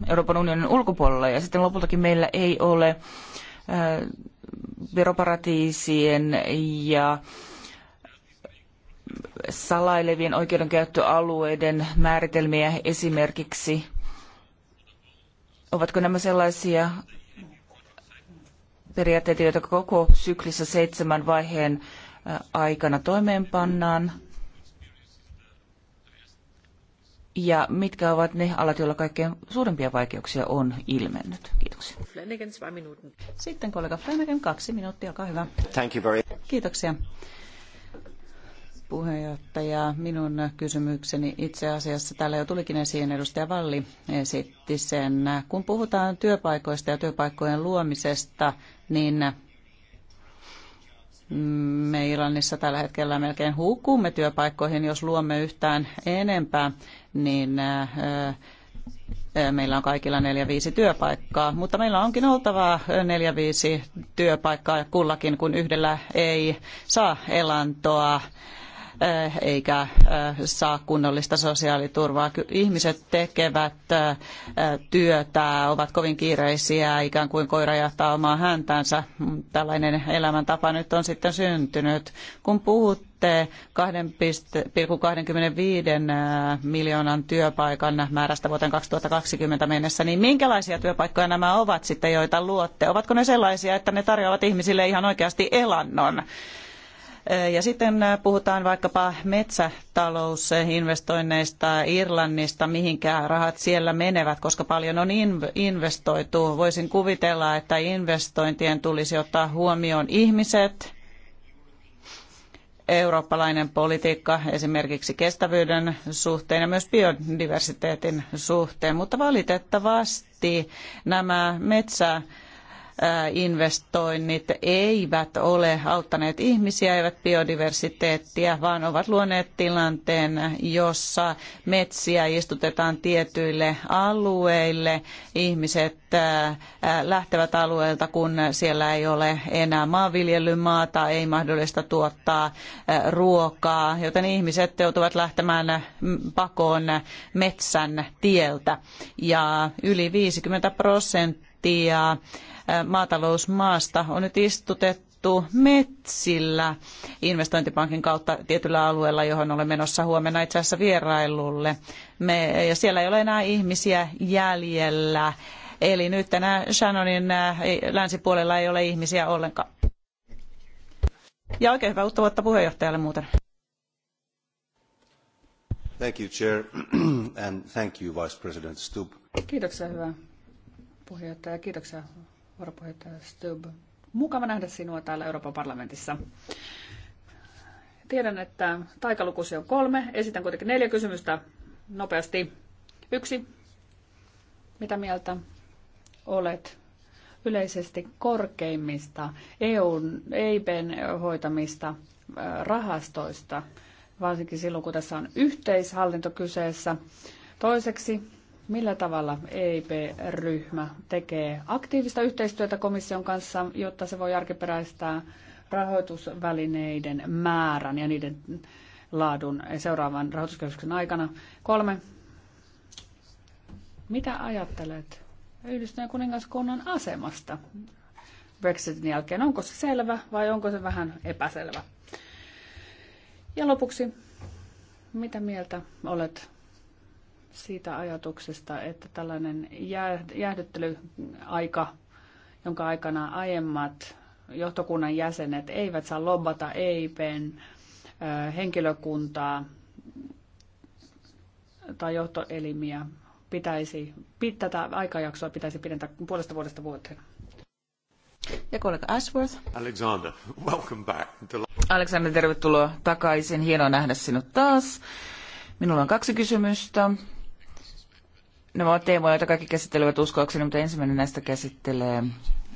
Speaker 3: Euroopan unionin ulkopuolella? Ja sitten lopultakin meillä ei ole äh, veroparatiisien ja äh, salailevien oikeudenkäyttöalueiden määritelmiä esimerkiksi? Ovatko nämä sellaisia periaatteita, joita koko syklissä seitsemän vaiheen aikana toimeenpannaan? Ja mitkä ovat ne alat, joilla kaikkein suurimpia vaikeuksia on ilmennyt? Kiitoksia.
Speaker 1: Flanagan, Sitten kollega Flanagan, kaksi minuuttia, olkaa hyvä. Thank you very... Kiitoksia puheenjohtaja. Minun kysymykseni itse asiassa täällä jo tulikin esiin, edustaja Valli esitti sen. Kun puhutaan työpaikoista ja työpaikkojen luomisesta, niin me Iranissa tällä hetkellä melkein hukumme työpaikkoihin, jos luomme yhtään enempää, niin meillä on kaikilla neljä viisi työpaikkaa, mutta meillä onkin oltava neljä viisi työpaikkaa kullakin, kun yhdellä ei saa elantoa. Eh, eikä eh, saa kunnollista sosiaaliturvaa. Ihmiset tekevät eh, työtä, ovat kovin kiireisiä, ikään kuin koira jahtaa omaa häntänsä. Tällainen elämäntapa nyt on sitten syntynyt. Kun puhutte 2,25 miljoonan työpaikan määrästä vuoteen 2020 mennessä, niin minkälaisia työpaikkoja nämä ovat sitten, joita luotte? Ovatko ne sellaisia, että ne tarjoavat ihmisille ihan oikeasti elannon? Eh, ja sitten eh, puhutaan vaikkapa metsätalousinvestoinneista Irlannista, mihinkä rahat siellä menevät, koska paljon on investoitu. Voisin kuvitella, että investointien tulisi ottaa huomioon ihmiset, eurooppalainen politiikka esimerkiksi kestävyyden suhteen ja myös biodiversiteetin suhteen, mutta valitettavasti nämä metsä investoinnit eivät ole auttaneet ihmisiä, eivät biodiversiteettiä, vaan ovat luoneet tilanteen, jossa metsiä istutetaan tietyille alueille. Ihmiset lähtevät alueelta, kun siellä ei ole enää maanviljelymaata, ei mahdollista tuottaa ruokaa, joten ihmiset joutuvat lähtemään pakoon metsän tieltä. Ja yli 50 prosenttia prosenttia maatalousmaasta on nyt istutettu metsillä investointipankin kautta tietyllä alueella, johon olen menossa huomenna itse asiassa vierailulle. Me, ja siellä ei ole enää ihmisiä jäljellä. Eli nyt tänä Shannonin äh, länsipuolella ei ole ihmisiä ollenkaan. Ja oikein hyvää uutta vuotta puheenjohtajalle muuten.
Speaker 2: Thank you, Chair, and thank you, Vice President Stubb.
Speaker 1: Kiitoksia, hyvä
Speaker 2: puheenjohtaja. Kiitoksia, varapuheenjohtaja Stöb. Mukava nähdä sinua täällä Euroopan parlamentissa. Tiedän, että taikalukusi on kolme. Esitän kuitenkin neljä kysymystä nopeasti. Yksi. Mitä mieltä olet yleisesti korkeimmista EUn, EIPn hoitamista äh, rahastoista, varsinkin silloin kun tässä on yhteishallinto kyseessä? Toiseksi, millä tavalla EIP-ryhmä tekee aktiivista yhteistyötä komission kanssa, jotta se voi järkiperäistää rahoitusvälineiden määrän ja niiden laadun seuraavan rahoituskeskuksen aikana. Kolme. Mitä ajattelet Yhdistyneen kuningaskunnan asemasta Brexitin jälkeen? Onko se selvä vai onko se vähän epäselvä? Ja lopuksi, mitä mieltä olet siitä ajatuksesta, että tällainen jäähdyttelyaika, jonka aikana aiemmat johtokunnan jäsenet eivät saa lobbata EIPn henkilökuntaa tai johtoelimiä, pitäisi, tätä aikajaksoa pitäisi pidentää puolesta vuodesta vuoteen. Ja kollega Ashworth.
Speaker 3: Alexander, welcome back. Alexander, tervetuloa takaisin. Hienoa nähdä sinut taas. Minulla on kaksi kysymystä. Nämä ovat teemoja, joita kaikki käsittelevät uskoakseni, mutta ensimmäinen näistä käsittelee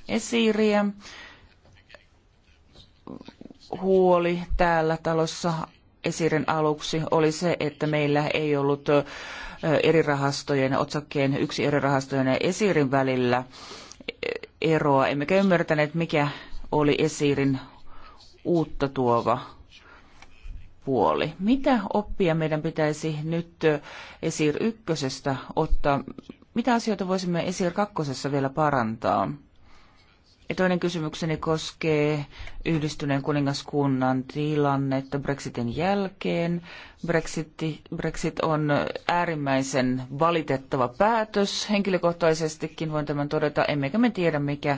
Speaker 3: esiiriä. Huoli täällä talossa esiiren aluksi oli se, että meillä ei ollut eri rahastojen, otsakkeen yksi eri rahastojen ja esiirin välillä e, eroa, emmekä ymmärtäneet, mikä oli esiirin uutta tuova puoli. Mitä oppia meidän pitäisi nyt Esir ykkösestä ottaa? Mitä asioita voisimme Esir kakkosessa vielä parantaa? Ja toinen kysymykseni koskee yhdistyneen kuningaskunnan tilannetta Brexitin jälkeen. Brexit, Brexit on äärimmäisen valitettava päätös. Henkilökohtaisestikin voin tämän todeta, emmekä me tiedä mikä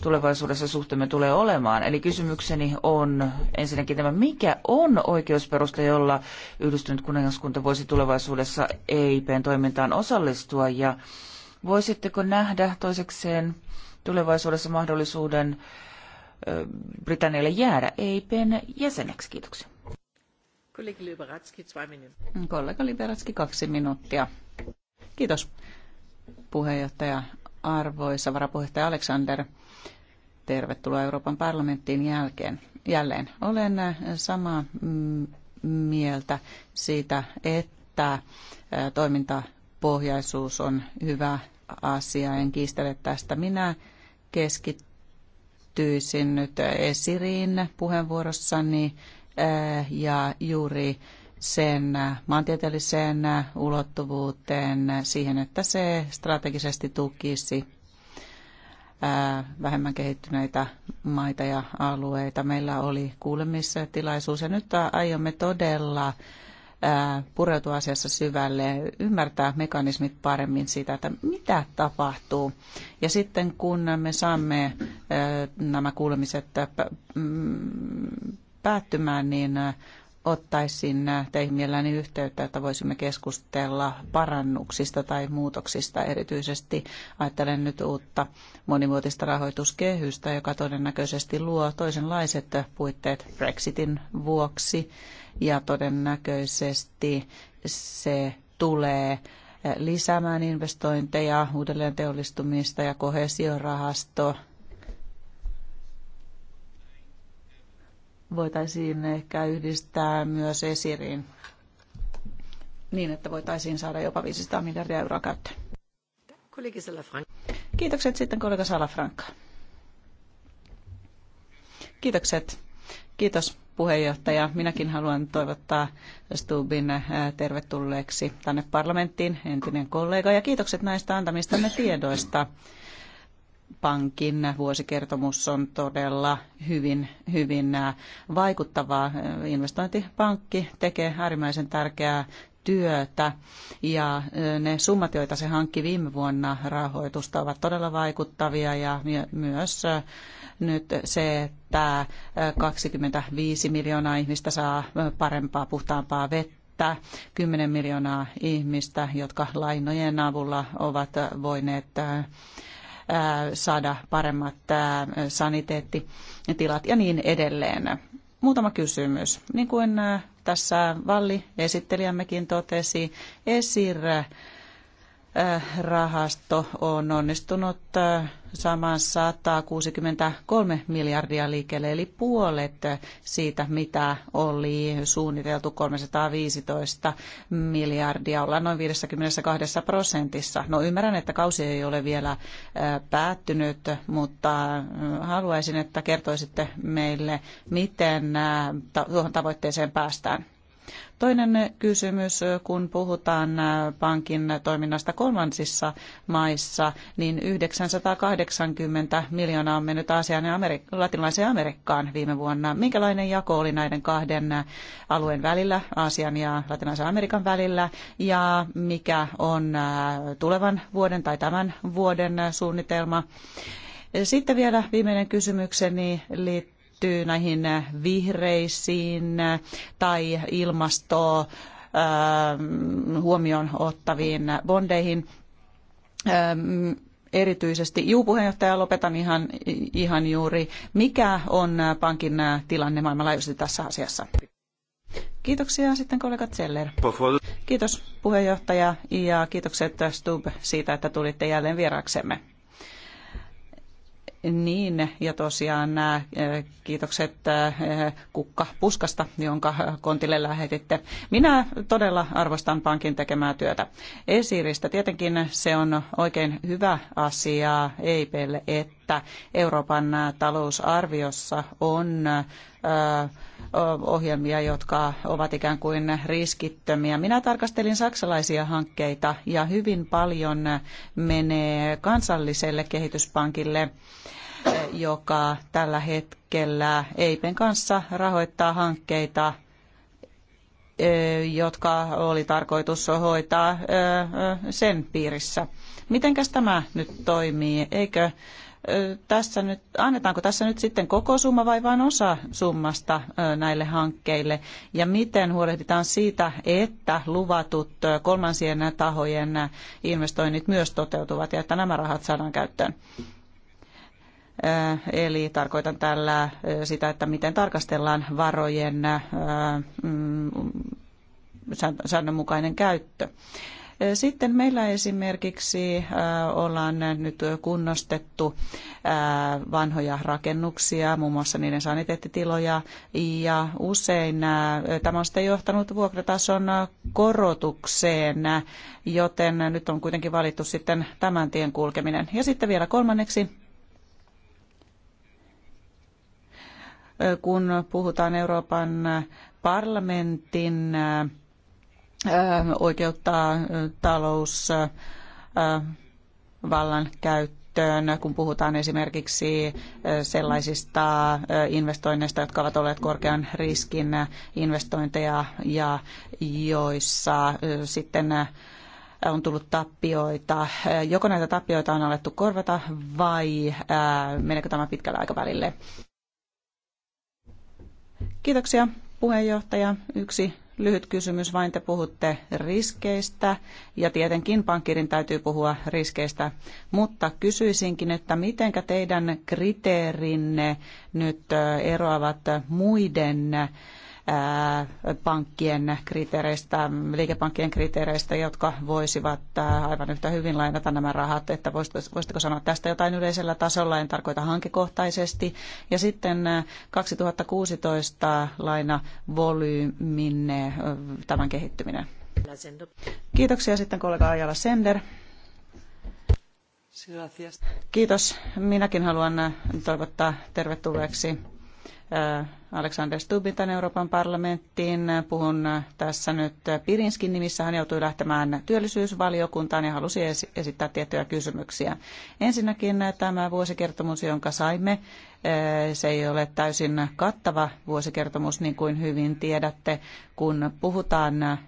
Speaker 3: tulevaisuudessa suhteemme tulee olemaan. Eli kysymykseni on ensinnäkin tämä, mikä on oikeusperusta, jolla yhdistynyt kuningaskunta voisi tulevaisuudessa EIPn toimintaan osallistua ja voisitteko nähdä toisekseen tulevaisuudessa mahdollisuuden Britannialle
Speaker 1: jäädä EIPn jäseneksi? Kiitoksia. Kollega Liberatski, kaksi minuuttia. Kiitos puheenjohtaja. Arvoisa varapuheenjohtaja Alexander, tervetuloa Euroopan parlamenttiin jälkeen. Jälleen olen äh, samaa mm, mieltä siitä, että äh, toimintapohjaisuus on hyvä asia. En kiistele tästä. Minä keskittyisin nyt äh, Esiriin puheenvuorossani ja juuri sen äh, maantieteelliseen äh, ulottuvuuteen, äh, siihen, että se strategisesti tukisi vähemmän kehittyneitä maita ja alueita. Meillä oli kuulemistilaisuus ja nyt aiomme todella pureutua asiassa syvälle, ymmärtää mekanismit paremmin siitä, että mitä tapahtuu. Ja sitten kun me saamme nämä kuulemiset mm, päättymään, niin ottaisin äh, teihin mielelläni yhteyttä, että voisimme keskustella parannuksista tai muutoksista. Erityisesti ajattelen nyt uutta monivuotista rahoituskehystä, joka todennäköisesti luo toisenlaiset puitteet Brexitin vuoksi ja todennäköisesti se tulee äh, lisäämään investointeja, uudelleen teollistumista ja kohesiorahasto voitaisiin ehkä yhdistää myös esiriin niin, että voitaisiin saada jopa 500 miljardia euroa käyttöön. Kiitokset sitten kollega Salafranca. Kiitokset. Kiitos puheenjohtaja. Minäkin haluan toivottaa Stubin äh, tervetulleeksi tänne parlamenttiin, entinen kollega, ja kiitokset näistä antamistanne tiedoista pankin vuosikertomus on todella hyvin, hyvin äh, vaikuttavaa. Investointipankki tekee äärimmäisen tärkeää työtä ja äh, ne summat, joita se hankki viime vuonna rahoitusta, ovat todella vaikuttavia ja myös äh, nyt se, että 25 miljoonaa ihmistä saa parempaa, puhtaampaa vettä 10 miljoonaa ihmistä, jotka lainojen avulla ovat voineet saada paremmat saniteettitilat ja niin edelleen. Muutama kysymys. Niin kuin tässä Valli esittelijämmekin totesi, ESIR rahasto on onnistunut saamaan 163 miljardia liikkeelle, eli puolet siitä, mitä oli suunniteltu 315 miljardia. Ollaan noin 52 prosentissa. No ymmärrän, että kausi ei ole vielä päättynyt, mutta haluaisin, että kertoisitte meille, miten tuohon tavoitteeseen päästään. Toinen kysymys, kun puhutaan äh, pankin toiminnasta kolmansissa maissa, niin 980 miljoonaa on mennyt Aasiaan ja Amerik- latinalaiseen Amerikkaan viime vuonna. Minkälainen jako oli näiden kahden äh, alueen välillä, Aasian ja latinalaisen Amerikan välillä, ja mikä on äh, tulevan vuoden tai tämän vuoden suunnitelma? Sitten vielä viimeinen kysymykseni liittyy liittyy näihin vihreisiin tai ilmastoa ähm, huomioon ottaviin bondeihin. Ähm, erityisesti, juu puheenjohtaja, lopetan ihan, ihan juuri. Mikä on pankin tilanne maailmanlaajuisesti tässä asiassa? Kiitoksia sitten kollega Zeller. Kiitos puheenjohtaja ja kiitokset Stub siitä, että tulitte jälleen vieraksemme. Niin, ja tosiaan nämä äh, kiitokset äh, Kukka Puskasta, jonka kontille lähetitte. Minä todella arvostan pankin tekemää työtä. Esiristä tietenkin se on oikein hyvä asia EIPlle, että että Euroopan talousarviossa on ohjelmia, jotka ovat ikään kuin riskittömiä. Minä tarkastelin saksalaisia hankkeita ja hyvin paljon menee kansalliselle kehityspankille joka tällä hetkellä EIPen kanssa rahoittaa hankkeita, jotka oli tarkoitus hoitaa sen piirissä. Mitenkäs tämä nyt toimii? Eikö tässä nyt, annetaanko tässä nyt sitten koko summa vai vain osa summasta näille hankkeille? Ja miten huolehditaan siitä, että luvatut kolmansien tahojen investoinnit myös toteutuvat ja että nämä rahat saadaan käyttöön? Eli tarkoitan tällä sitä, että miten tarkastellaan varojen mm, säännönmukainen käyttö. Sitten meillä esimerkiksi äh, ollaan nyt kunnostettu äh, vanhoja rakennuksia, muun muassa niiden saniteettitiloja, ja usein äh, tämä on sitten johtanut vuokratason korotukseen, joten nyt on kuitenkin valittu sitten tämän tien kulkeminen. Ja sitten vielä kolmanneksi kun puhutaan Euroopan parlamentin oikeuttaa talousvallan käyttöön, kun puhutaan esimerkiksi sellaisista investoinneista, jotka ovat olleet korkean riskin investointeja ja joissa sitten on tullut tappioita. Joko näitä tappioita on alettu korvata vai menekö tämä pitkällä aikavälille? Kiitoksia puheenjohtaja. Yksi lyhyt kysymys, vain te puhutte riskeistä ja tietenkin pankkirin täytyy puhua riskeistä, mutta kysyisinkin, että miten teidän kriteerinne nyt eroavat muiden pankkien kriteereistä, liikepankkien kriteereistä, jotka voisivat aivan yhtä hyvin lainata nämä rahat, että voisitko sanoa tästä jotain yleisellä tasolla, en tarkoita hankekohtaisesti. Ja sitten 2016 lainavolyyminne, tämän kehittyminen. Kiitoksia sitten kollega Ajala Sender. Kiitos. Minäkin haluan toivottaa tervetulleeksi Äh, Alexander Stubbin tänne Euroopan parlamenttiin. Puhun tässä nyt Pirinskin nimissä. Hän joutui lähtemään työllisyysvaliokuntaan ja halusi esittää tiettyjä kysymyksiä. Ensinnäkin tämä vuosikertomus, jonka saimme, äh, se ei ole täysin kattava vuosikertomus, niin kuin hyvin tiedätte, kun puhutaan äh,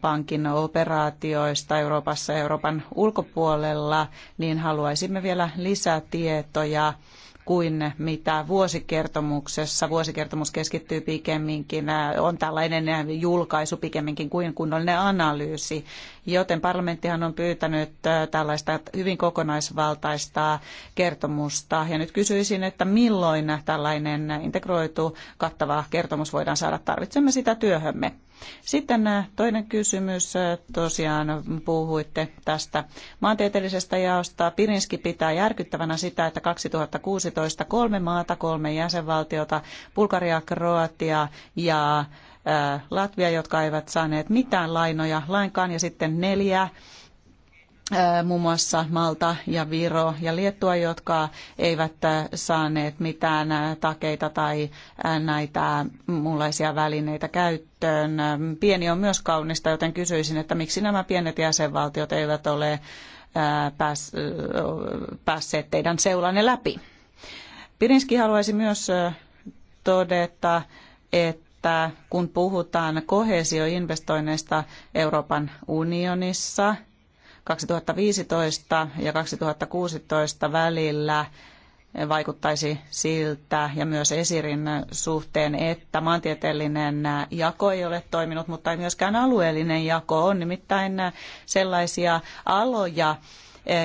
Speaker 1: pankin operaatioista Euroopassa ja Euroopan ulkopuolella, niin haluaisimme vielä lisätietoja tietoja kuin mitä vuosikertomuksessa. Vuosikertomus keskittyy pikemminkin, äh, on tällainen äh, julkaisu pikemminkin kuin kunnollinen analyysi. Joten parlamenttihan on pyytänyt äh, tällaista hyvin kokonaisvaltaista kertomusta. Ja nyt kysyisin, että milloin tällainen integroitu kattava kertomus voidaan saada. Tarvitsemme sitä työhömme. Sitten äh, toinen kysymys. Äh, tosiaan puhuitte tästä maantieteellisestä jaosta. Pirinski pitää järkyttävänä sitä, että 2016 kolme maata, kolme jäsenvaltiota, Bulgaria, Kroatia ja äh, Latvia, jotka eivät saaneet mitään lainoja lainkaan, ja sitten neljä muun muassa Malta ja Viro ja Liettua, jotka eivät saaneet mitään takeita tai näitä muunlaisia välineitä käyttöön. Pieni on myös kaunista, joten kysyisin, että miksi nämä pienet jäsenvaltiot eivät ole päässeet teidän seulanne läpi. Pirinski haluaisi myös todeta, että kun puhutaan kohesioinvestoinneista Euroopan unionissa – 2015 ja 2016 välillä vaikuttaisi siltä ja myös esirin suhteen, että maantieteellinen jako ei ole toiminut, mutta ei myöskään alueellinen jako. On nimittäin sellaisia aloja,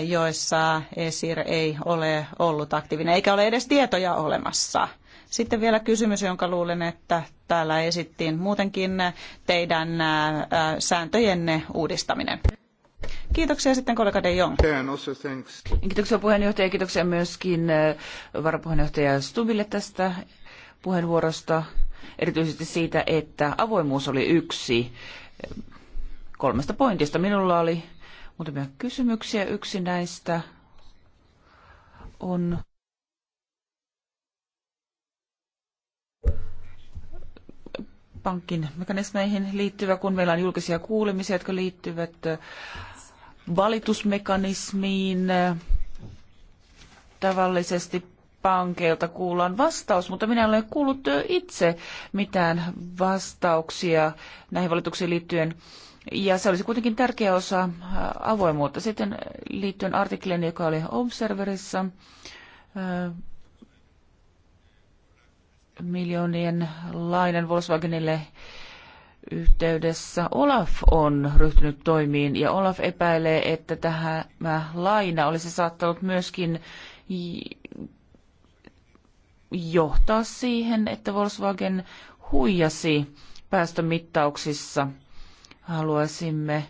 Speaker 1: joissa esir ei ole ollut aktiivinen, eikä ole edes tietoja olemassa. Sitten vielä kysymys, jonka luulen, että täällä esittiin muutenkin teidän sääntöjenne uudistaminen. Kiitoksia sitten kollega De Jong. Kiitoksia puheenjohtaja ja kiitoksia myöskin eh, varapuheenjohtaja Stubille
Speaker 3: tästä puheenvuorosta. Erityisesti siitä, että avoimuus oli yksi eh, kolmesta pointista. Minulla oli muutamia kysymyksiä. Yksi näistä on... pankin mekanismeihin liittyvä, kun meillä on julkisia kuulemisia, jotka liittyvät eh, valitusmekanismiin tavallisesti pankeilta kuullaan vastaus, mutta minä en ole kuullut itse mitään vastauksia näihin valituksiin liittyen. Ja se olisi kuitenkin tärkeä osa avoimuutta. Sitten liittyen artikkeliin, joka oli Observerissa, miljoonien lainan Volkswagenille yhteydessä Olaf on ryhtynyt toimiin ja Olaf epäilee, että tämä laina olisi saattanut myöskin johtaa siihen, että Volkswagen huijasi päästömittauksissa. Haluaisimme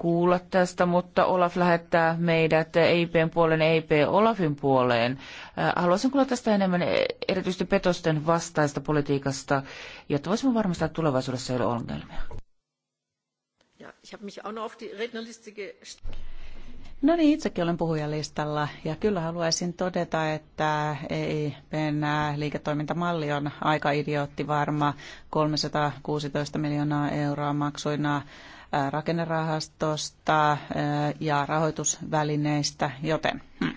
Speaker 3: kuulla tästä, mutta Olaf lähettää meidät EIPn puolen EIP Olafin puoleen. Äh, haluaisin kuulla tästä enemmän e, erityisesti petosten vastaista politiikasta, jotta voisimme varmistaa, että tulevaisuudessa
Speaker 1: ei ole ongelmia. No niin, itsekin olen puhujalistalla ja kyllä haluaisin todeta, että ei mennä liiketoimintamalli on aika idiootti varma. 316 miljoonaa euroa maksuina rakennerahastosta ja rahoitusvälineistä, joten hmm.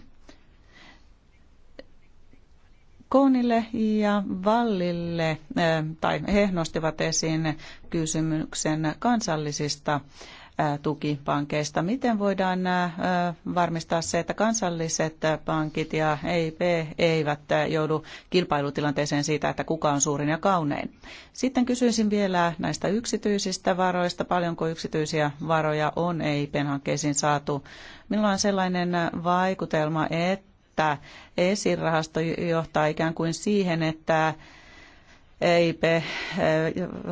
Speaker 1: Koonille ja Vallille, tai he nostivat esiin kysymyksen kansallisista tukipankeista. Miten voidaan varmistaa se, että kansalliset pankit ja EIP eivät joudu kilpailutilanteeseen siitä, että kuka on suurin ja kaunein? Sitten kysyisin vielä näistä yksityisistä varoista. Paljonko yksityisiä varoja on EIPn hankkeisiin saatu? Minulla on sellainen vaikutelma, että esirahasto johtaa ikään kuin siihen, että EIP e,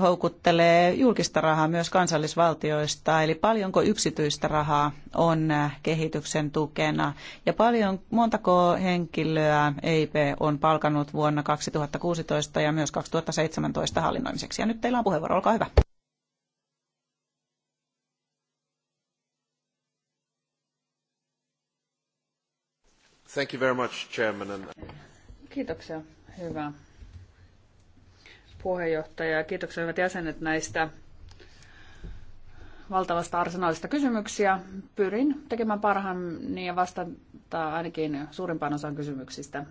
Speaker 1: houkuttelee julkista rahaa myös kansallisvaltioista, eli paljonko yksityistä rahaa on kehityksen tukena ja paljon, montako henkilöä EIP on palkanut vuonna 2016 ja myös 2017 hallinnoimiseksi. Ja nyt teillä on puheenvuoro, olkaa hyvä. Thank you very much, Chairman.
Speaker 2: Kiitoksia. Hyvä puheenjohtaja ja kiitoksia hyvät jäsenet näistä valtavasta arsenaalista kysymyksiä. Pyrin tekemään parhaani ja vastata ainakin suurimpaan osaan kysymyksistä.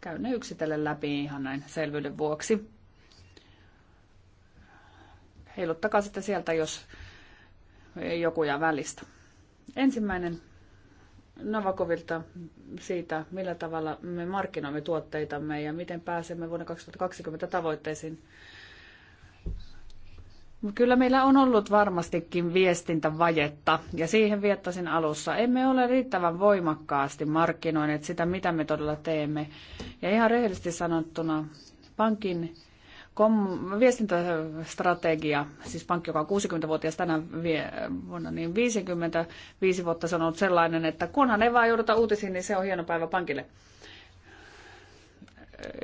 Speaker 2: Käyn ne yksitellen läpi ihan näin selvyyden vuoksi. Heiluttakaa sitten sieltä, jos joku jää välistä. Ensimmäinen Navakovilta siitä, millä tavalla me markkinoimme tuotteitamme ja miten pääsemme vuonna 2020 tavoitteisiin. Kyllä meillä on ollut varmastikin viestintävajetta ja siihen viettasin alussa. Emme ole riittävän voimakkaasti markkinoineet sitä, mitä me todella teemme. Ja ihan rehellisesti sanottuna pankin kom- viestintästrategia, siis pankki, joka on 60-vuotias tänä vie- vuonna, niin 55 vuotta se on ollut sellainen, että kunhan ei vaan jouduta uutisiin, niin se on hieno päivä pankille.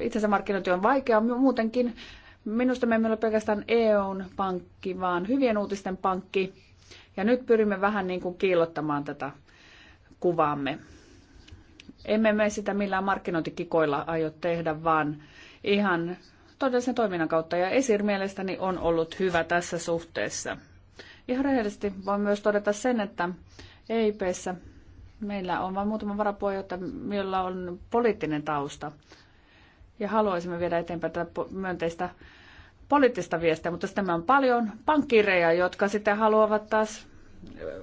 Speaker 2: Itse asiassa markkinointi on vaikea muutenkin. Minusta me emme ole pelkästään EUn pankki, vaan hyvien uutisten pankki. Ja nyt pyrimme vähän niin kuin kiillottamaan tätä kuvaamme. Emme me sitä millään markkinointikikoilla aio tehdä, vaan ihan todellisen toiminnan kautta. Ja Esir mielestäni on ollut hyvä tässä suhteessa. Ihan rehellisesti voin myös todeta sen, että EIPssä meillä on vain muutama varapuheenjohtaja, jolla on poliittinen tausta. Ja haluaisimme viedä eteenpäin tätä myönteistä poliittista viestiä, mutta sitten on paljon pankkireja, jotka sitten haluavat taas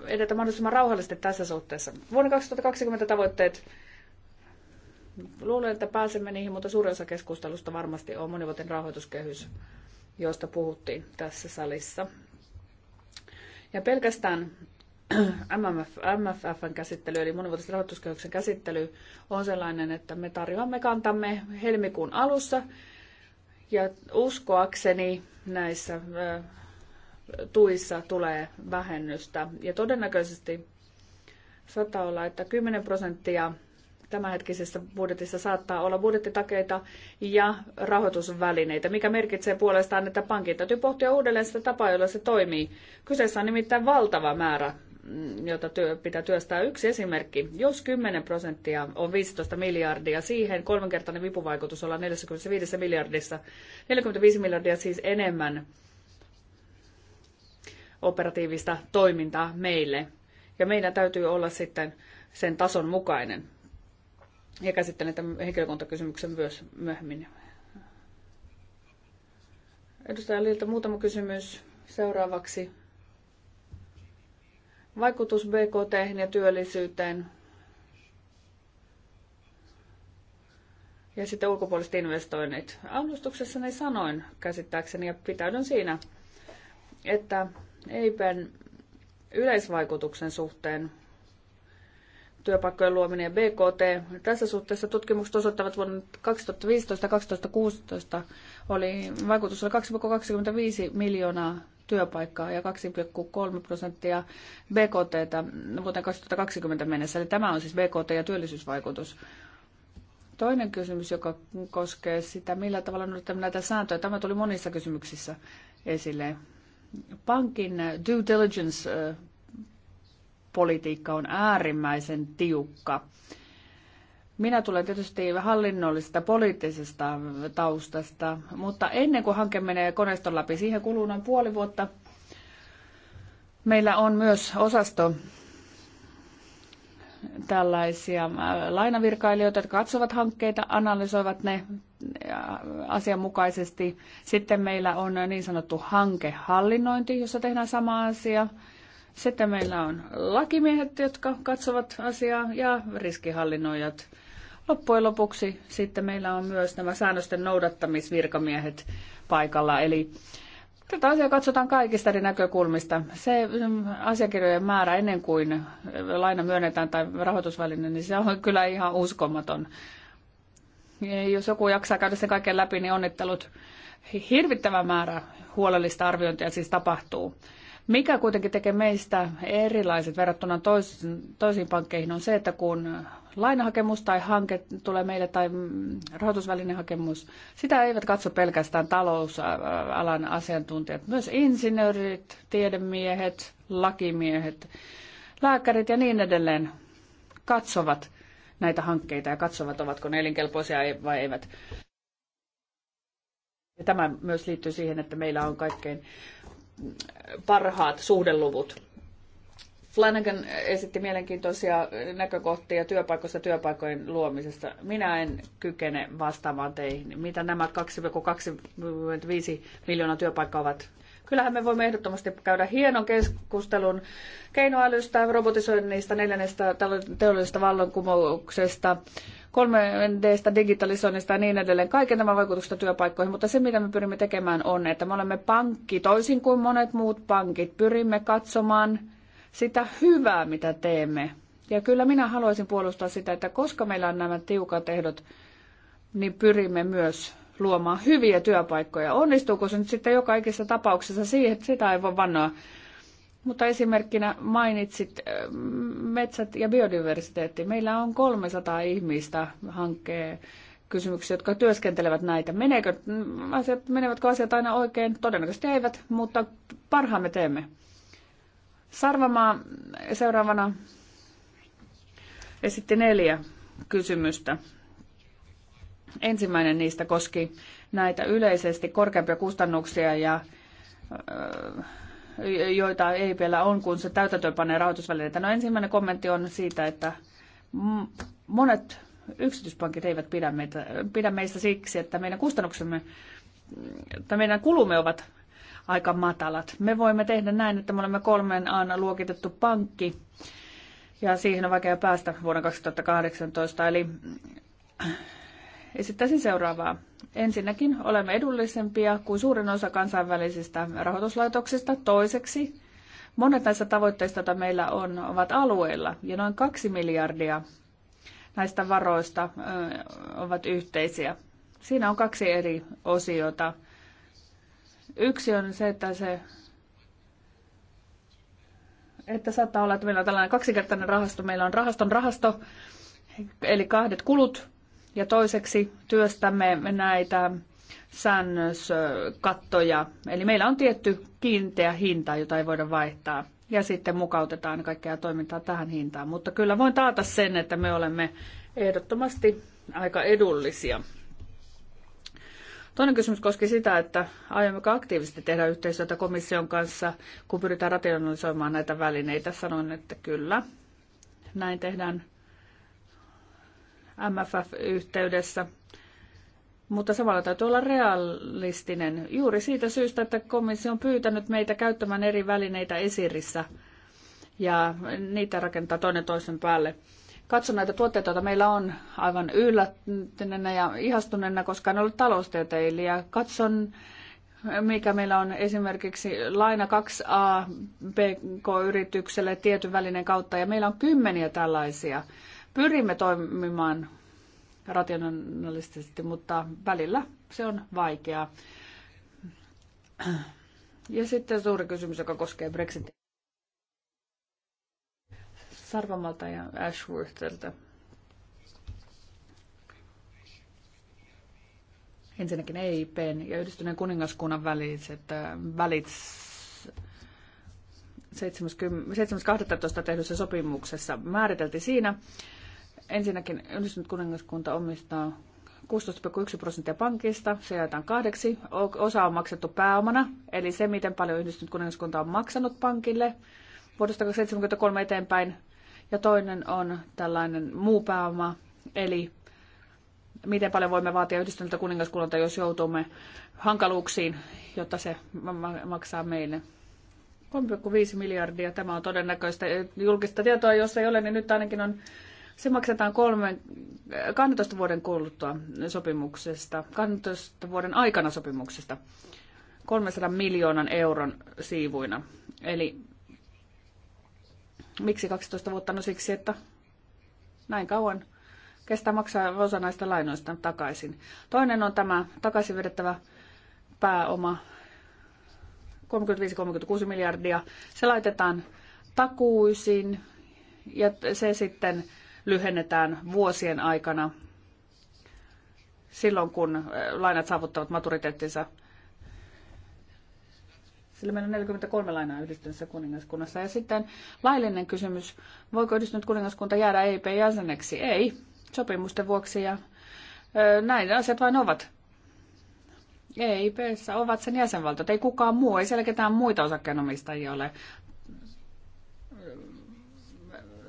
Speaker 2: edetä mahdollisimman rauhallisesti tässä suhteessa. Vuonna 2020 tavoitteet Luulen, että pääsemme niihin, mutta suurin osa keskustelusta varmasti on monivuotinen rahoituskehys, josta puhuttiin tässä salissa. Ja pelkästään MFF, MFFn käsittely, eli monivuotisen rahoituskehyksen käsittely, on sellainen, että me tarjoamme kantamme helmikuun alussa. Ja uskoakseni näissä tuissa tulee vähennystä. Ja todennäköisesti saattaa olla, että 10 prosenttia tämänhetkisessä budjetissa saattaa olla budjettitakeita ja rahoitusvälineitä, mikä merkitsee puolestaan, että pankin täytyy pohtia uudelleen sitä tapaa, jolla se toimii. Kyseessä on nimittäin valtava määrä mm, jota työ, pitää työstää. Yksi esimerkki, jos 10 prosenttia on 15 miljardia, siihen kolmenkertainen vipuvaikutus ollaan 45 miljardissa, 45 miljardia siis enemmän operatiivista toimintaa meille. Ja meidän täytyy olla sitten sen tason mukainen. Ja käsittelen tämän henkilökuntakysymyksen myös myöhemmin. Edustaja Liiltä muutama kysymys seuraavaksi. Vaikutus BKT ja työllisyyteen. Ja sitten ulkopuoliset investoinnit. ne sanoin käsittääkseni ja pitäydyn siinä, että EIPEN yleisvaikutuksen suhteen työpaikkojen luominen ja BKT. Tässä suhteessa tutkimukset osoittavat vuonna 2015-2016 oli, vaikutus oli 2,25 miljoonaa työpaikkaa ja 2,3 prosenttia BKT vuoteen 2020 mennessä. Eli tämä on siis BKT ja työllisyysvaikutus. Toinen kysymys, joka koskee sitä, millä tavalla noudattamme näitä sääntöjä. Tämä tuli monissa kysymyksissä esille. Pankin due diligence politiikka on äärimmäisen tiukka. Minä tulen tietysti hallinnollisesta poliittisesta taustasta, mutta ennen kuin hanke menee koneiston läpi, siihen kuluu noin puoli vuotta. Meillä on myös osasto tällaisia äh, lainavirkailijoita, jotka katsovat hankkeita, analysoivat ne äh, asianmukaisesti. Sitten meillä on niin sanottu hankehallinnointi, jossa tehdään sama asia. Sitten meillä on lakimiehet, jotka katsovat asiaa ja riskihallinnoijat. Loppujen lopuksi sitten meillä on myös nämä säännösten noudattamisvirkamiehet paikalla. Eli Tätä asiaa katsotaan kaikista eri näkökulmista. Se mm, asiakirjojen määrä ennen kuin laina myönnetään tai rahoitusväline, niin se on kyllä ihan uskomaton. Jos joku jaksaa käydä sen kaiken läpi, niin onnittelut. Hirvittävä määrä huolellista arviointia siis tapahtuu. Mikä kuitenkin tekee meistä erilaiset verrattuna toisiin, toisiin pankkeihin on se, että kun lainahakemus tai hanke tulee meille tai rahoitusvälinehakemus, sitä eivät katso pelkästään talousalan asiantuntijat, myös insinöörit, tiedemiehet, lakimiehet, lääkärit ja niin edelleen katsovat näitä hankkeita ja katsovat, ovatko ne elinkelpoisia vai eivät. Ja tämä myös liittyy siihen, että meillä on kaikkein parhaat suhdeluvut. Flanagan esitti mielenkiintoisia näkökohtia työpaikoista työpaikojen luomisesta. Minä en kykene vastaamaan teihin, mitä nämä 2,25 miljoonaa työpaikkaa ovat. Kyllähän me voimme ehdottomasti käydä hienon keskustelun keinoälystä, robotisoinnista, neljännestä teollisesta vallankumouksesta, 3 stä digitalisoinnista ja niin edelleen, kaiken tämän vaikutusta työpaikkoihin, mutta se mitä me pyrimme tekemään on, että me olemme pankki, toisin kuin monet muut pankit, pyrimme katsomaan sitä hyvää, mitä teemme. Ja kyllä minä haluaisin puolustaa sitä, että koska meillä on nämä tiukat ehdot, niin pyrimme myös luomaan hyviä työpaikkoja. Onnistuuko se nyt sitten joka ikisessä tapauksessa siihen, sitä ei voi vannoa. Mutta esimerkkinä mainitsit metsät ja biodiversiteetti. Meillä on 300 ihmistä hankkeen kysymyksiä, jotka työskentelevät näitä. Meneekö mm, asiat, menevätkö asiat aina oikein? Todennäköisesti eivät, mutta parhaamme teemme. Sarvamaa seuraavana esitti neljä kysymystä. Ensimmäinen niistä koski näitä yleisesti korkeampia kustannuksia ja joita ei vielä on, kun se täytäntöönpanee rahoitusvälineitä. No ensimmäinen kommentti on siitä, että monet yksityispankit eivät pidä, meitä, pidä meistä siksi, että meidän kustannuksemme tai meidän kulumme ovat aika matalat. Me voimme tehdä näin, että me olemme kolmen aina luokitettu pankki ja siihen on vaikea päästä vuonna 2018. Eli esittäisin seuraavaa. Ensinnäkin olemme edullisempia kuin suurin osa kansainvälisistä rahoituslaitoksista. Toiseksi monet näistä tavoitteista, joita meillä on, ovat alueilla ja noin kaksi miljardia näistä varoista ovat yhteisiä. Siinä on kaksi eri osiota. Yksi on se, että se että saattaa olla, että meillä on tällainen kaksinkertainen rahasto. Meillä on rahaston rahasto, eli kahdet kulut, ja toiseksi työstämme näitä säännöskattoja. Eli meillä on tietty kiinteä hinta, jota ei voida vaihtaa. Ja sitten mukautetaan kaikkea toimintaa tähän hintaan. Mutta kyllä voin taata sen, että me olemme ehdottomasti aika edullisia. Toinen kysymys koski sitä, että aiommeko aktiivisesti tehdä yhteistyötä komission kanssa, kun pyritään rationalisoimaan näitä välineitä. Sanoin, että kyllä, näin tehdään MFF-yhteydessä. Mutta samalla täytyy olla realistinen juuri siitä syystä, että komissio on pyytänyt meitä käyttämään eri välineitä esirissä ja niitä rakentaa toinen toisen päälle. Katso näitä tuotteita, joita meillä on aivan yllättyneenä ja ihastuneena, koska en ollut taloustieteilijä. Katson, mikä meillä on esimerkiksi laina 2A PK-yritykselle tietyn välineen kautta, ja meillä on kymmeniä tällaisia Pyrimme toimimaan rationaalisesti, mutta välillä se on vaikeaa. Ja sitten suuri kysymys, joka koskee Brexitin. Sarvamalta ja Ashworthilta. Ensinnäkin EIPn ja yhdistyneen kuningaskunnan väliset, äh, välit 7.12. tehdyssä sopimuksessa määriteltiin siinä, Ensinnäkin yhdistynyt kuningaskunta omistaa 16,1 prosenttia pankista, se jaetaan kahdeksi. Osa on maksettu pääomana, eli se, miten paljon yhdistynyt kuningaskunta on maksanut pankille vuodesta 1973 eteenpäin. Ja toinen on tällainen muu pääoma, eli miten paljon voimme vaatia yhdistyneeltä kuningaskunnalta, jos joutumme hankaluuksiin, jotta se maksaa meille. 3,5 miljardia. Tämä on todennäköistä julkista tietoa. Jos ei ole, niin nyt ainakin on se maksetaan kolmen, 12 äh, vuoden kuluttua sopimuksesta, 12 vuoden aikana sopimuksesta, 300 miljoonan euron siivuina. Eli miksi 12 vuotta? No siksi, että näin kauan kestää maksaa osa näistä lainoista takaisin. Toinen on tämä takaisin vedettävä pääoma, 35-36 miljardia. Se laitetaan takuisin ja se sitten lyhennetään vuosien aikana silloin, kun äh, lainat saavuttavat maturiteettinsa. Sillä meillä on 43 lainaa yhdistyneessä kuningaskunnassa. Ja sitten laillinen kysymys, voiko yhdistynyt kuningaskunta jäädä EIP-jäseneksi? Ei, sopimusten vuoksi ja ö, näin asiat vain ovat. EIP ovat sen jäsenvaltiot. Ei kukaan muu, ei siellä ketään muita osakkeenomistajia ole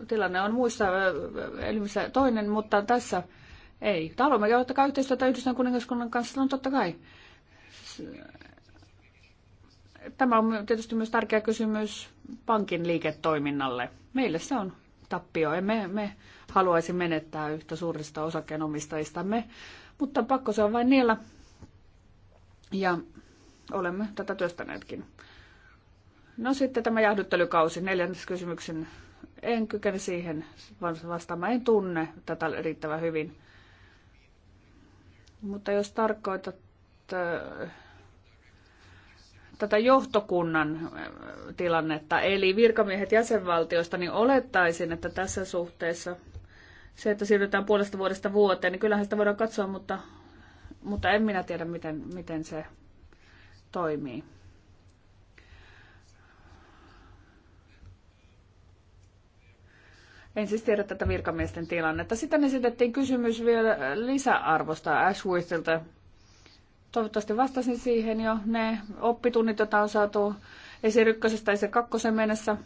Speaker 2: tilanne on muissa elimissä toinen, mutta tässä ei. Haluamme jatkaa yhteistyötä Yhdistyneen kuningaskunnan kanssa, no totta kai. Tämä on tietysti myös tärkeä kysymys pankin liiketoiminnalle. Meille se on tappio. Emme me haluaisi menettää yhtä suurista osakkeenomistajistamme, mutta pakko se on vain niillä. Ja olemme tätä työstäneetkin. No sitten tämä jahduttelykausi, neljännes kysymyksen en kykene siihen vastaamaan, en tunne tätä riittävän hyvin. Mutta jos tarkoitat äh, tätä johtokunnan äh, tilannetta, eli virkamiehet jäsenvaltioista, niin olettaisin, että tässä suhteessa se, että siirrytään puolesta vuodesta vuoteen, niin kyllähän sitä voidaan katsoa, mutta, mutta en minä tiedä, miten, miten se toimii. En siis tiedä tätä virkamiesten tilannetta. Sitten esitettiin kysymys vielä lisäarvosta Ashworthilta. Toivottavasti vastasin siihen jo. Ne oppitunnit, joita on saatu esi ja kakkosen mennessä,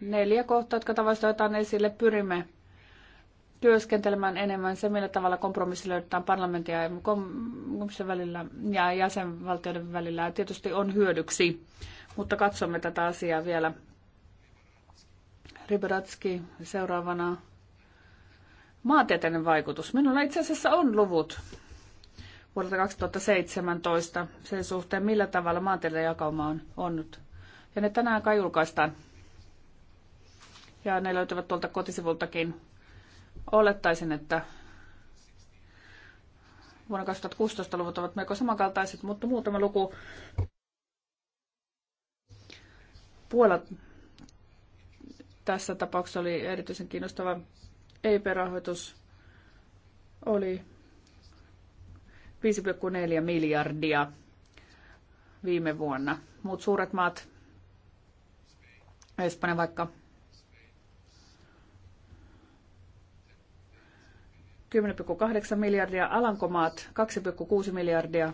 Speaker 2: neljä kohtaa, jotka tavallisesti otan esille, pyrimme työskentelemään enemmän se, millä tavalla kompromissi löydetään parlamentin ja komission välillä ja jäsenvaltioiden välillä. Tietysti on hyödyksi, mutta katsomme tätä asiaa vielä Liberatski seuraavana. Maatieteellinen vaikutus. Minulla itse asiassa on luvut vuodelta 2017 sen suhteen, millä tavalla maantieteellinen jakauma on onnut. Ja ne tänään kai julkaistaan. Ja ne löytyvät tuolta kotisivultakin. Olettaisin, että vuonna 2016 luvut ovat melko samankaltaiset, mutta muutama luku puolet tässä tapauksessa oli erityisen kiinnostava EIP-rahoitus oli 5,4 miljardia viime vuonna. Muut suuret maat, Espanja vaikka 10,8 miljardia, Alankomaat 2,6 miljardia,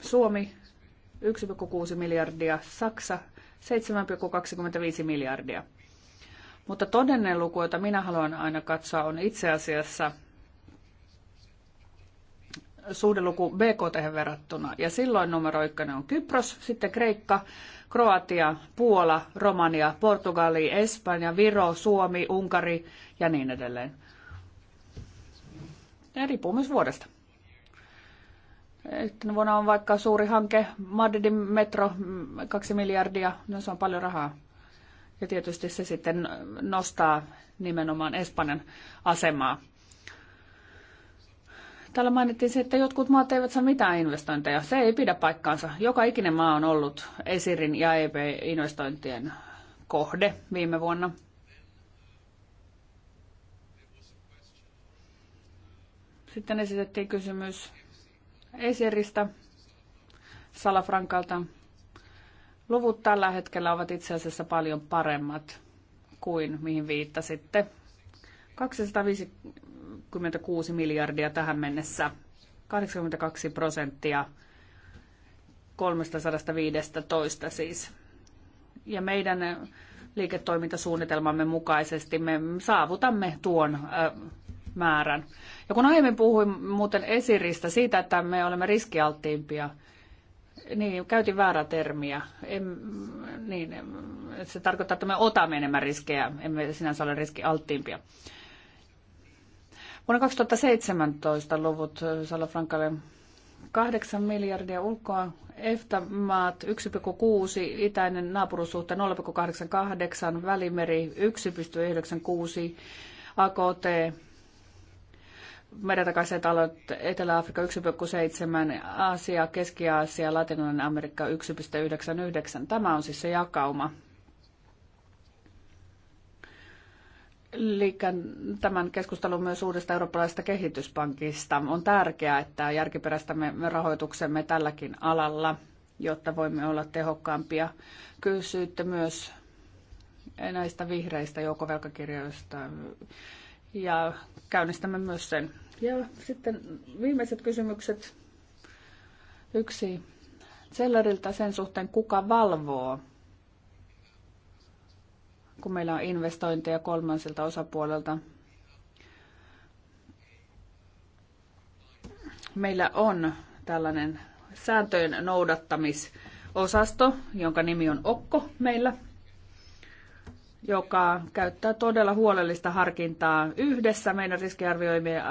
Speaker 2: Suomi 1,6 miljardia, Saksa 7,25 miljardia. Mutta todennen luku, jota minä haluan aina katsoa, on itse asiassa suhdeluku BKT verrattuna. Ja silloin numero ykkönen on Kypros, sitten Kreikka, Kroatia, Puola, Romania, Portugali, Espanja, Viro, Suomi, Unkari ja niin edelleen. Ne riippuu myös vuodesta. Yhtenä vuonna on vaikka suuri hanke, Madridin metro, kaksi miljardia, no se on paljon rahaa. Ja tietysti se sitten nostaa nimenomaan Espanjan asemaa. Täällä mainittiin se, että jotkut maat eivät saa mitään investointeja. Se ei pidä paikkaansa. Joka ikinen maa on ollut Esirin ja ep investointien kohde viime vuonna. Sitten esitettiin kysymys Esiristä, Salafrankalta. Luvut tällä hetkellä ovat itse asiassa paljon paremmat kuin mihin viittasitte. 256 miljardia tähän mennessä, 82 prosenttia 315 siis. Ja meidän liiketoimintasuunnitelmamme mukaisesti me saavutamme tuon määrän. Ja kun aiemmin puhuin muuten esiristä siitä, että me olemme riskialttiimpia, niin käytin väärää termiä. En, niin, se tarkoittaa, että me otamme enemmän riskejä, emme sinänsä ole riskialttiimpia. Vuonna 2017 luvut äh, Salafrankalle 8 miljardia ulkoa, EFTA-maat 1,6, itäinen naapurussuhte 0,88, välimeri 1,96, AKT merentakaiset alat, Etelä-Afrikka 1,7, Aasia, Keski-Aasia, Latinalainen Amerikka 1,99. Tämä on siis se jakauma. Liikän tämän keskustelun myös uudesta eurooppalaisesta kehityspankista. On tärkeää, että järkiperäistämme rahoituksemme tälläkin alalla, jotta voimme olla tehokkaampia. Kysyitte myös näistä vihreistä joukovelkakirjoista ja käynnistämme myös sen. Ja sitten viimeiset kysymykset. Yksi Zelleriltä sen suhteen, kuka valvoo, kun meillä on investointeja kolmansilta osapuolelta. Meillä on tällainen sääntöjen noudattamisosasto, jonka nimi on Okko meillä – joka käyttää todella huolellista harkintaa yhdessä meidän riskiarvioimien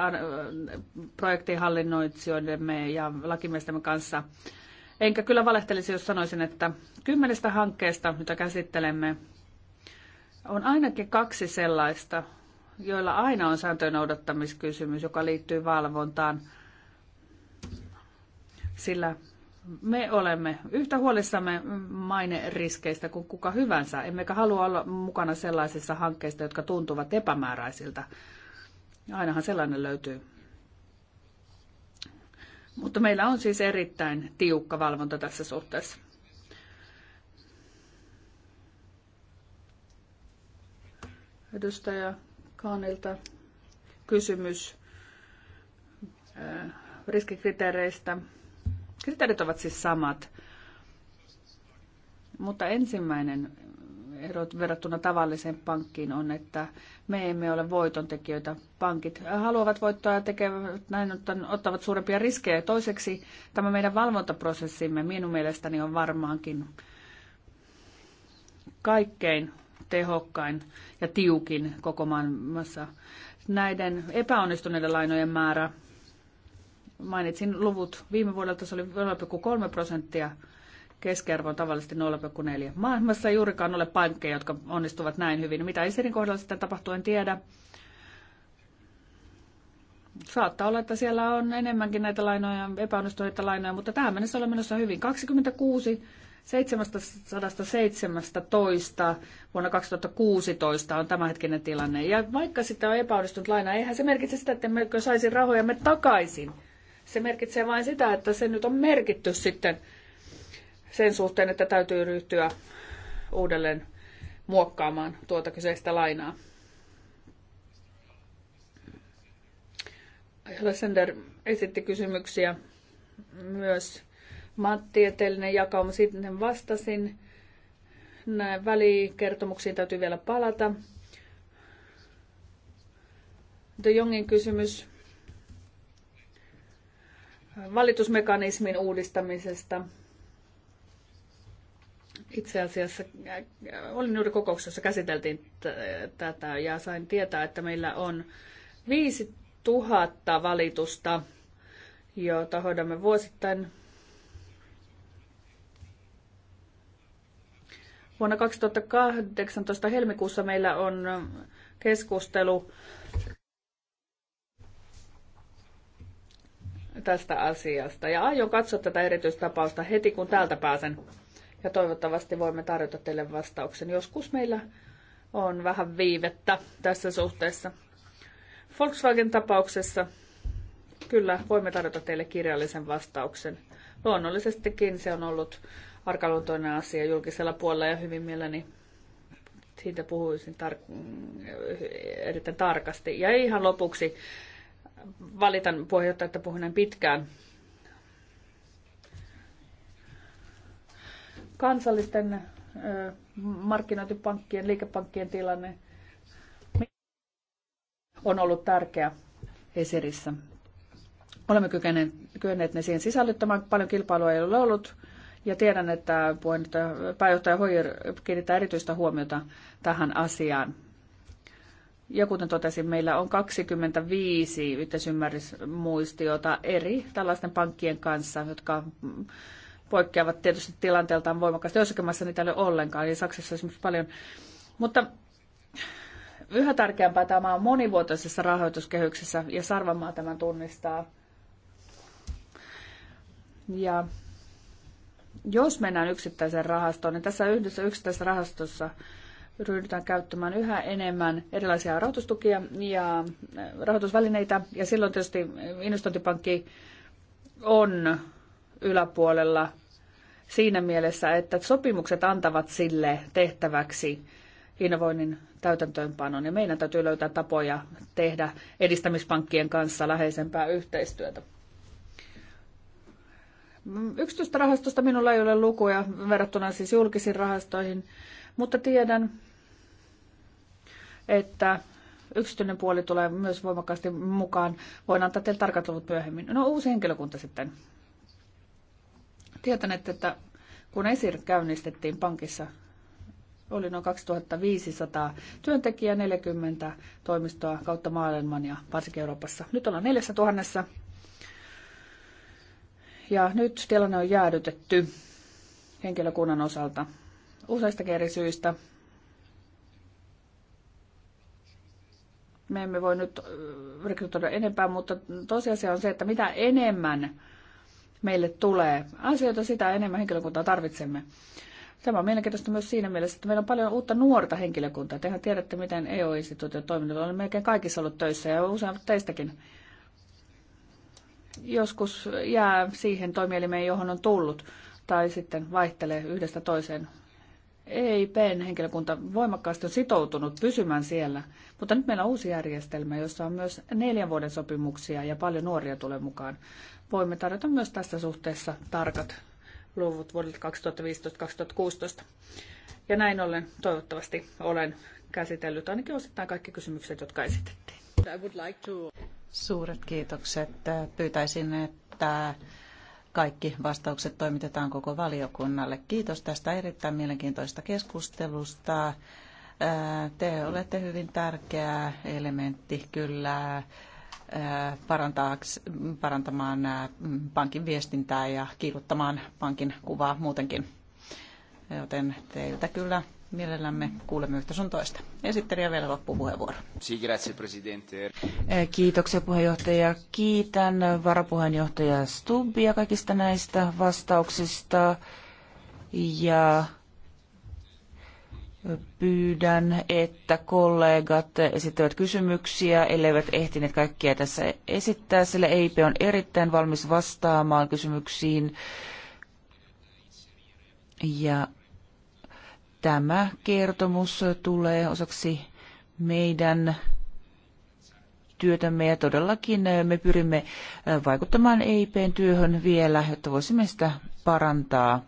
Speaker 2: projektihallinnoitsijoidemme ja lakimiestemme kanssa. Enkä kyllä valehtelisi, jos sanoisin, että kymmenestä hankkeesta, mitä käsittelemme, on ainakin kaksi sellaista, joilla aina on sääntöjen noudattamiskysymys, joka liittyy valvontaan. Sillä me olemme yhtä huolissamme maineriskeistä kuin kuka hyvänsä, emmekä halua olla mukana sellaisissa hankkeissa, jotka tuntuvat epämääräisiltä. Ainahan sellainen löytyy. Mutta meillä on siis erittäin tiukka valvonta tässä suhteessa. Edustaja Kaanilta kysymys äh, riskikriteereistä Kriteerit ovat siis samat, mutta ensimmäinen ero verrattuna tavalliseen pankkiin on, että me emme ole voitontekijöitä. Pankit haluavat voittoa ja tekevät näin, ottavat suurempia riskejä. Toiseksi tämä meidän valvontaprosessimme minun mielestäni on varmaankin kaikkein tehokkain ja tiukin koko maailmassa. Näiden epäonnistuneiden lainojen määrä Mainitsin luvut viime vuodelta, se oli 0,3 prosenttia, keskiarvo on tavallisesti 0,4. Maailmassa ei juurikaan ole pankkeja, jotka onnistuvat näin hyvin. Mitä Iserin kohdalla sitten tapahtuu, en tiedä. Saattaa olla, että siellä on enemmänkin näitä lainoja, epäonnistuneita lainoja, mutta tähän mennessä olemme menossa hyvin. 26 717 vuonna 2016 on tämänhetkinen tilanne. Ja vaikka sitä on epäonnistunut laina, eihän se merkitse sitä, että me saisi rahojamme takaisin. Se merkitsee vain sitä, että se nyt on merkitty sitten sen suhteen, että täytyy ryhtyä uudelleen muokkaamaan tuota kyseistä lainaa. Alexander esitti kysymyksiä myös maantieteellinen jakauma. Sitten vastasin. Näin välikertomuksiin täytyy vielä palata. De Jongin kysymys valitusmekanismin uudistamisesta. Itse asiassa äh, olin juuri kokouksessa, jossa käsiteltiin tätä ja sain tietää, että meillä on 5000 valitusta, joita hoidamme vuosittain. Vuonna 2018 helmikuussa meillä on keskustelu tästä asiasta. Ja aion katsoa tätä erityistapausta heti, kun täältä pääsen. Ja toivottavasti voimme tarjota teille vastauksen. Joskus meillä on vähän viivettä tässä suhteessa. Volkswagen-tapauksessa kyllä voimme tarjota teille kirjallisen vastauksen. Luonnollisestikin se on ollut arkaluontoinen asia julkisella puolella ja hyvin mielelläni siitä puhuisin tar- erittäin tarkasti. Ja ihan lopuksi Valitan puheenjohtaja, että puhun näin pitkään. Kansallisten markkinointipankkien, liikepankkien tilanne on ollut tärkeä Eserissä. Olemme kyenneet ne siihen sisällyttämään. Paljon kilpailua ei ole ollut. Ja tiedän, että pääjohtaja Hoyer kiinnittää erityistä huomiota tähän asiaan. Ja kuten totesin, meillä on 25 yhteisymmärrysmuistiota eri tällaisten pankkien kanssa, jotka poikkeavat tietysti tilanteeltaan voimakkaasti. Joissakin maissa niitä ei ole ollenkaan, niin Saksassa esimerkiksi paljon. Mutta yhä tärkeämpää tämä on monivuotoisessa rahoituskehyksessä, ja Sarvamaa tämän tunnistaa. Ja jos mennään yksittäiseen rahastoon, niin tässä yhdessä yksittäisessä rahastossa – ryhdytään käyttämään yhä enemmän erilaisia rahoitustukia ja äh, rahoitusvälineitä. Ja silloin tietysti investointipankki on yläpuolella siinä mielessä, että sopimukset antavat sille tehtäväksi innovoinnin täytäntöönpanon. Ja meidän täytyy löytää tapoja tehdä edistämispankkien kanssa läheisempää yhteistyötä. Yksityistä rahastosta minulla ei ole lukuja verrattuna siis julkisiin rahastoihin, mutta tiedän, että yksityinen puoli tulee myös voimakkaasti mukaan. Voin antaa teille tarkat luvut myöhemmin. No uusi henkilökunta sitten. Tietänet, että kun ESIR käynnistettiin pankissa, oli noin 2500 työntekijää, 40 toimistoa kautta maailman ja varsinkin Euroopassa. Nyt ollaan 4000. Ja nyt tilanne on jäädytetty henkilökunnan osalta useista eri syistä. Me emme voi nyt äh, rekrytoida enempää, mutta tosiasia on se, että mitä enemmän meille tulee asioita, sitä enemmän henkilökuntaa tarvitsemme. Tämä on mielenkiintoista myös siinä mielessä, että meillä on paljon uutta nuorta henkilökuntaa. Tehän tiedätte, miten EU-instituutio toiminut. Olen melkein kaikissa ollut töissä ja usein teistäkin. Joskus jää siihen toimielimeen, johon on tullut, tai sitten vaihtelee yhdestä toiseen. EIPn henkilökunta voimakkaasti on sitoutunut pysymään siellä – mutta nyt meillä on uusi järjestelmä, jossa on myös neljän vuoden sopimuksia ja paljon nuoria tulee mukaan. Voimme tarjota myös tässä suhteessa tarkat luvut vuodelta 2015-2016. Ja näin ollen toivottavasti olen käsitellyt ainakin osittain kaikki kysymykset, jotka esitettiin.
Speaker 1: Suuret kiitokset. Pyytäisin, että kaikki vastaukset toimitetaan koko valiokunnalle. Kiitos tästä erittäin mielenkiintoista keskustelusta. Te olette hyvin tärkeä elementti kyllä parantamaan pankin viestintää ja kiiluttamaan pankin kuvaa muutenkin. Joten teiltä kyllä mielellämme kuulemme yhtä sun toista. Esittelijä vielä loppupuheenvuoro.
Speaker 3: Kiitoksia puheenjohtaja. Kiitän varapuheenjohtaja Stubbia kaikista näistä vastauksista ja Pyydän, että kollegat esittävät kysymyksiä, elleivät ehtineet kaikkia tässä esittää, sillä EIP on erittäin valmis vastaamaan kysymyksiin. Ja tämä kertomus tulee osaksi meidän työtämme ja todellakin me pyrimme vaikuttamaan EIPn työhön vielä, jotta voisimme sitä parantaa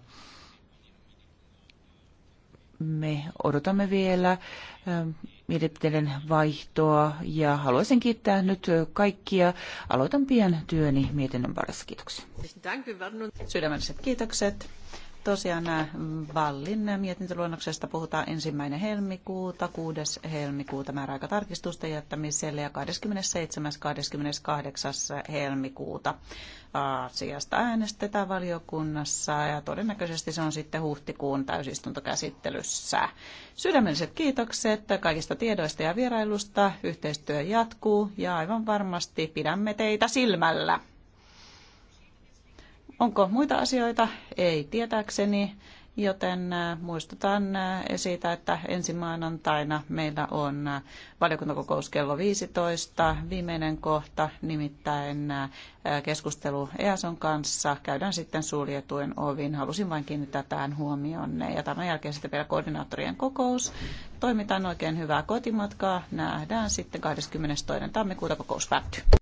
Speaker 3: me odotamme vielä mielipiteiden vaihtoa ja haluaisin kiittää nyt kaikkia. Aloitan pian työni mietinnön parissa. Kiitoksia.
Speaker 1: Sydämelliset kiitokset. Tosiaan äh, Vallin mietintöluonnoksesta puhutaan ensimmäinen helmikuuta, 6. helmikuuta määräaika tarkistusten jättämiselle ja 27. 28. helmikuuta asiasta äänestetään valiokunnassa ja todennäköisesti se on sitten huhtikuun täysistuntokäsittelyssä. Sydämelliset kiitokset kaikista tiedoista ja vierailusta. Yhteistyö jatkuu ja aivan varmasti pidämme teitä silmällä. Onko muita asioita? Ei tietääkseni, joten äh, muistutan äh, siitä, että ensi maanantaina meillä on äh, valiokuntakokous kello 15. Viimeinen kohta, nimittäin keskustelu EASON kanssa, käydään sitten suljetuen ovin. Halusin vain kiinnittää tähän huomionne ja tämän jälkeen sitten vielä koordinaattorien kokous. Toimitaan oikein hyvää kotimatkaa. Nähdään sitten 22. tammikuuta kokous päättyy.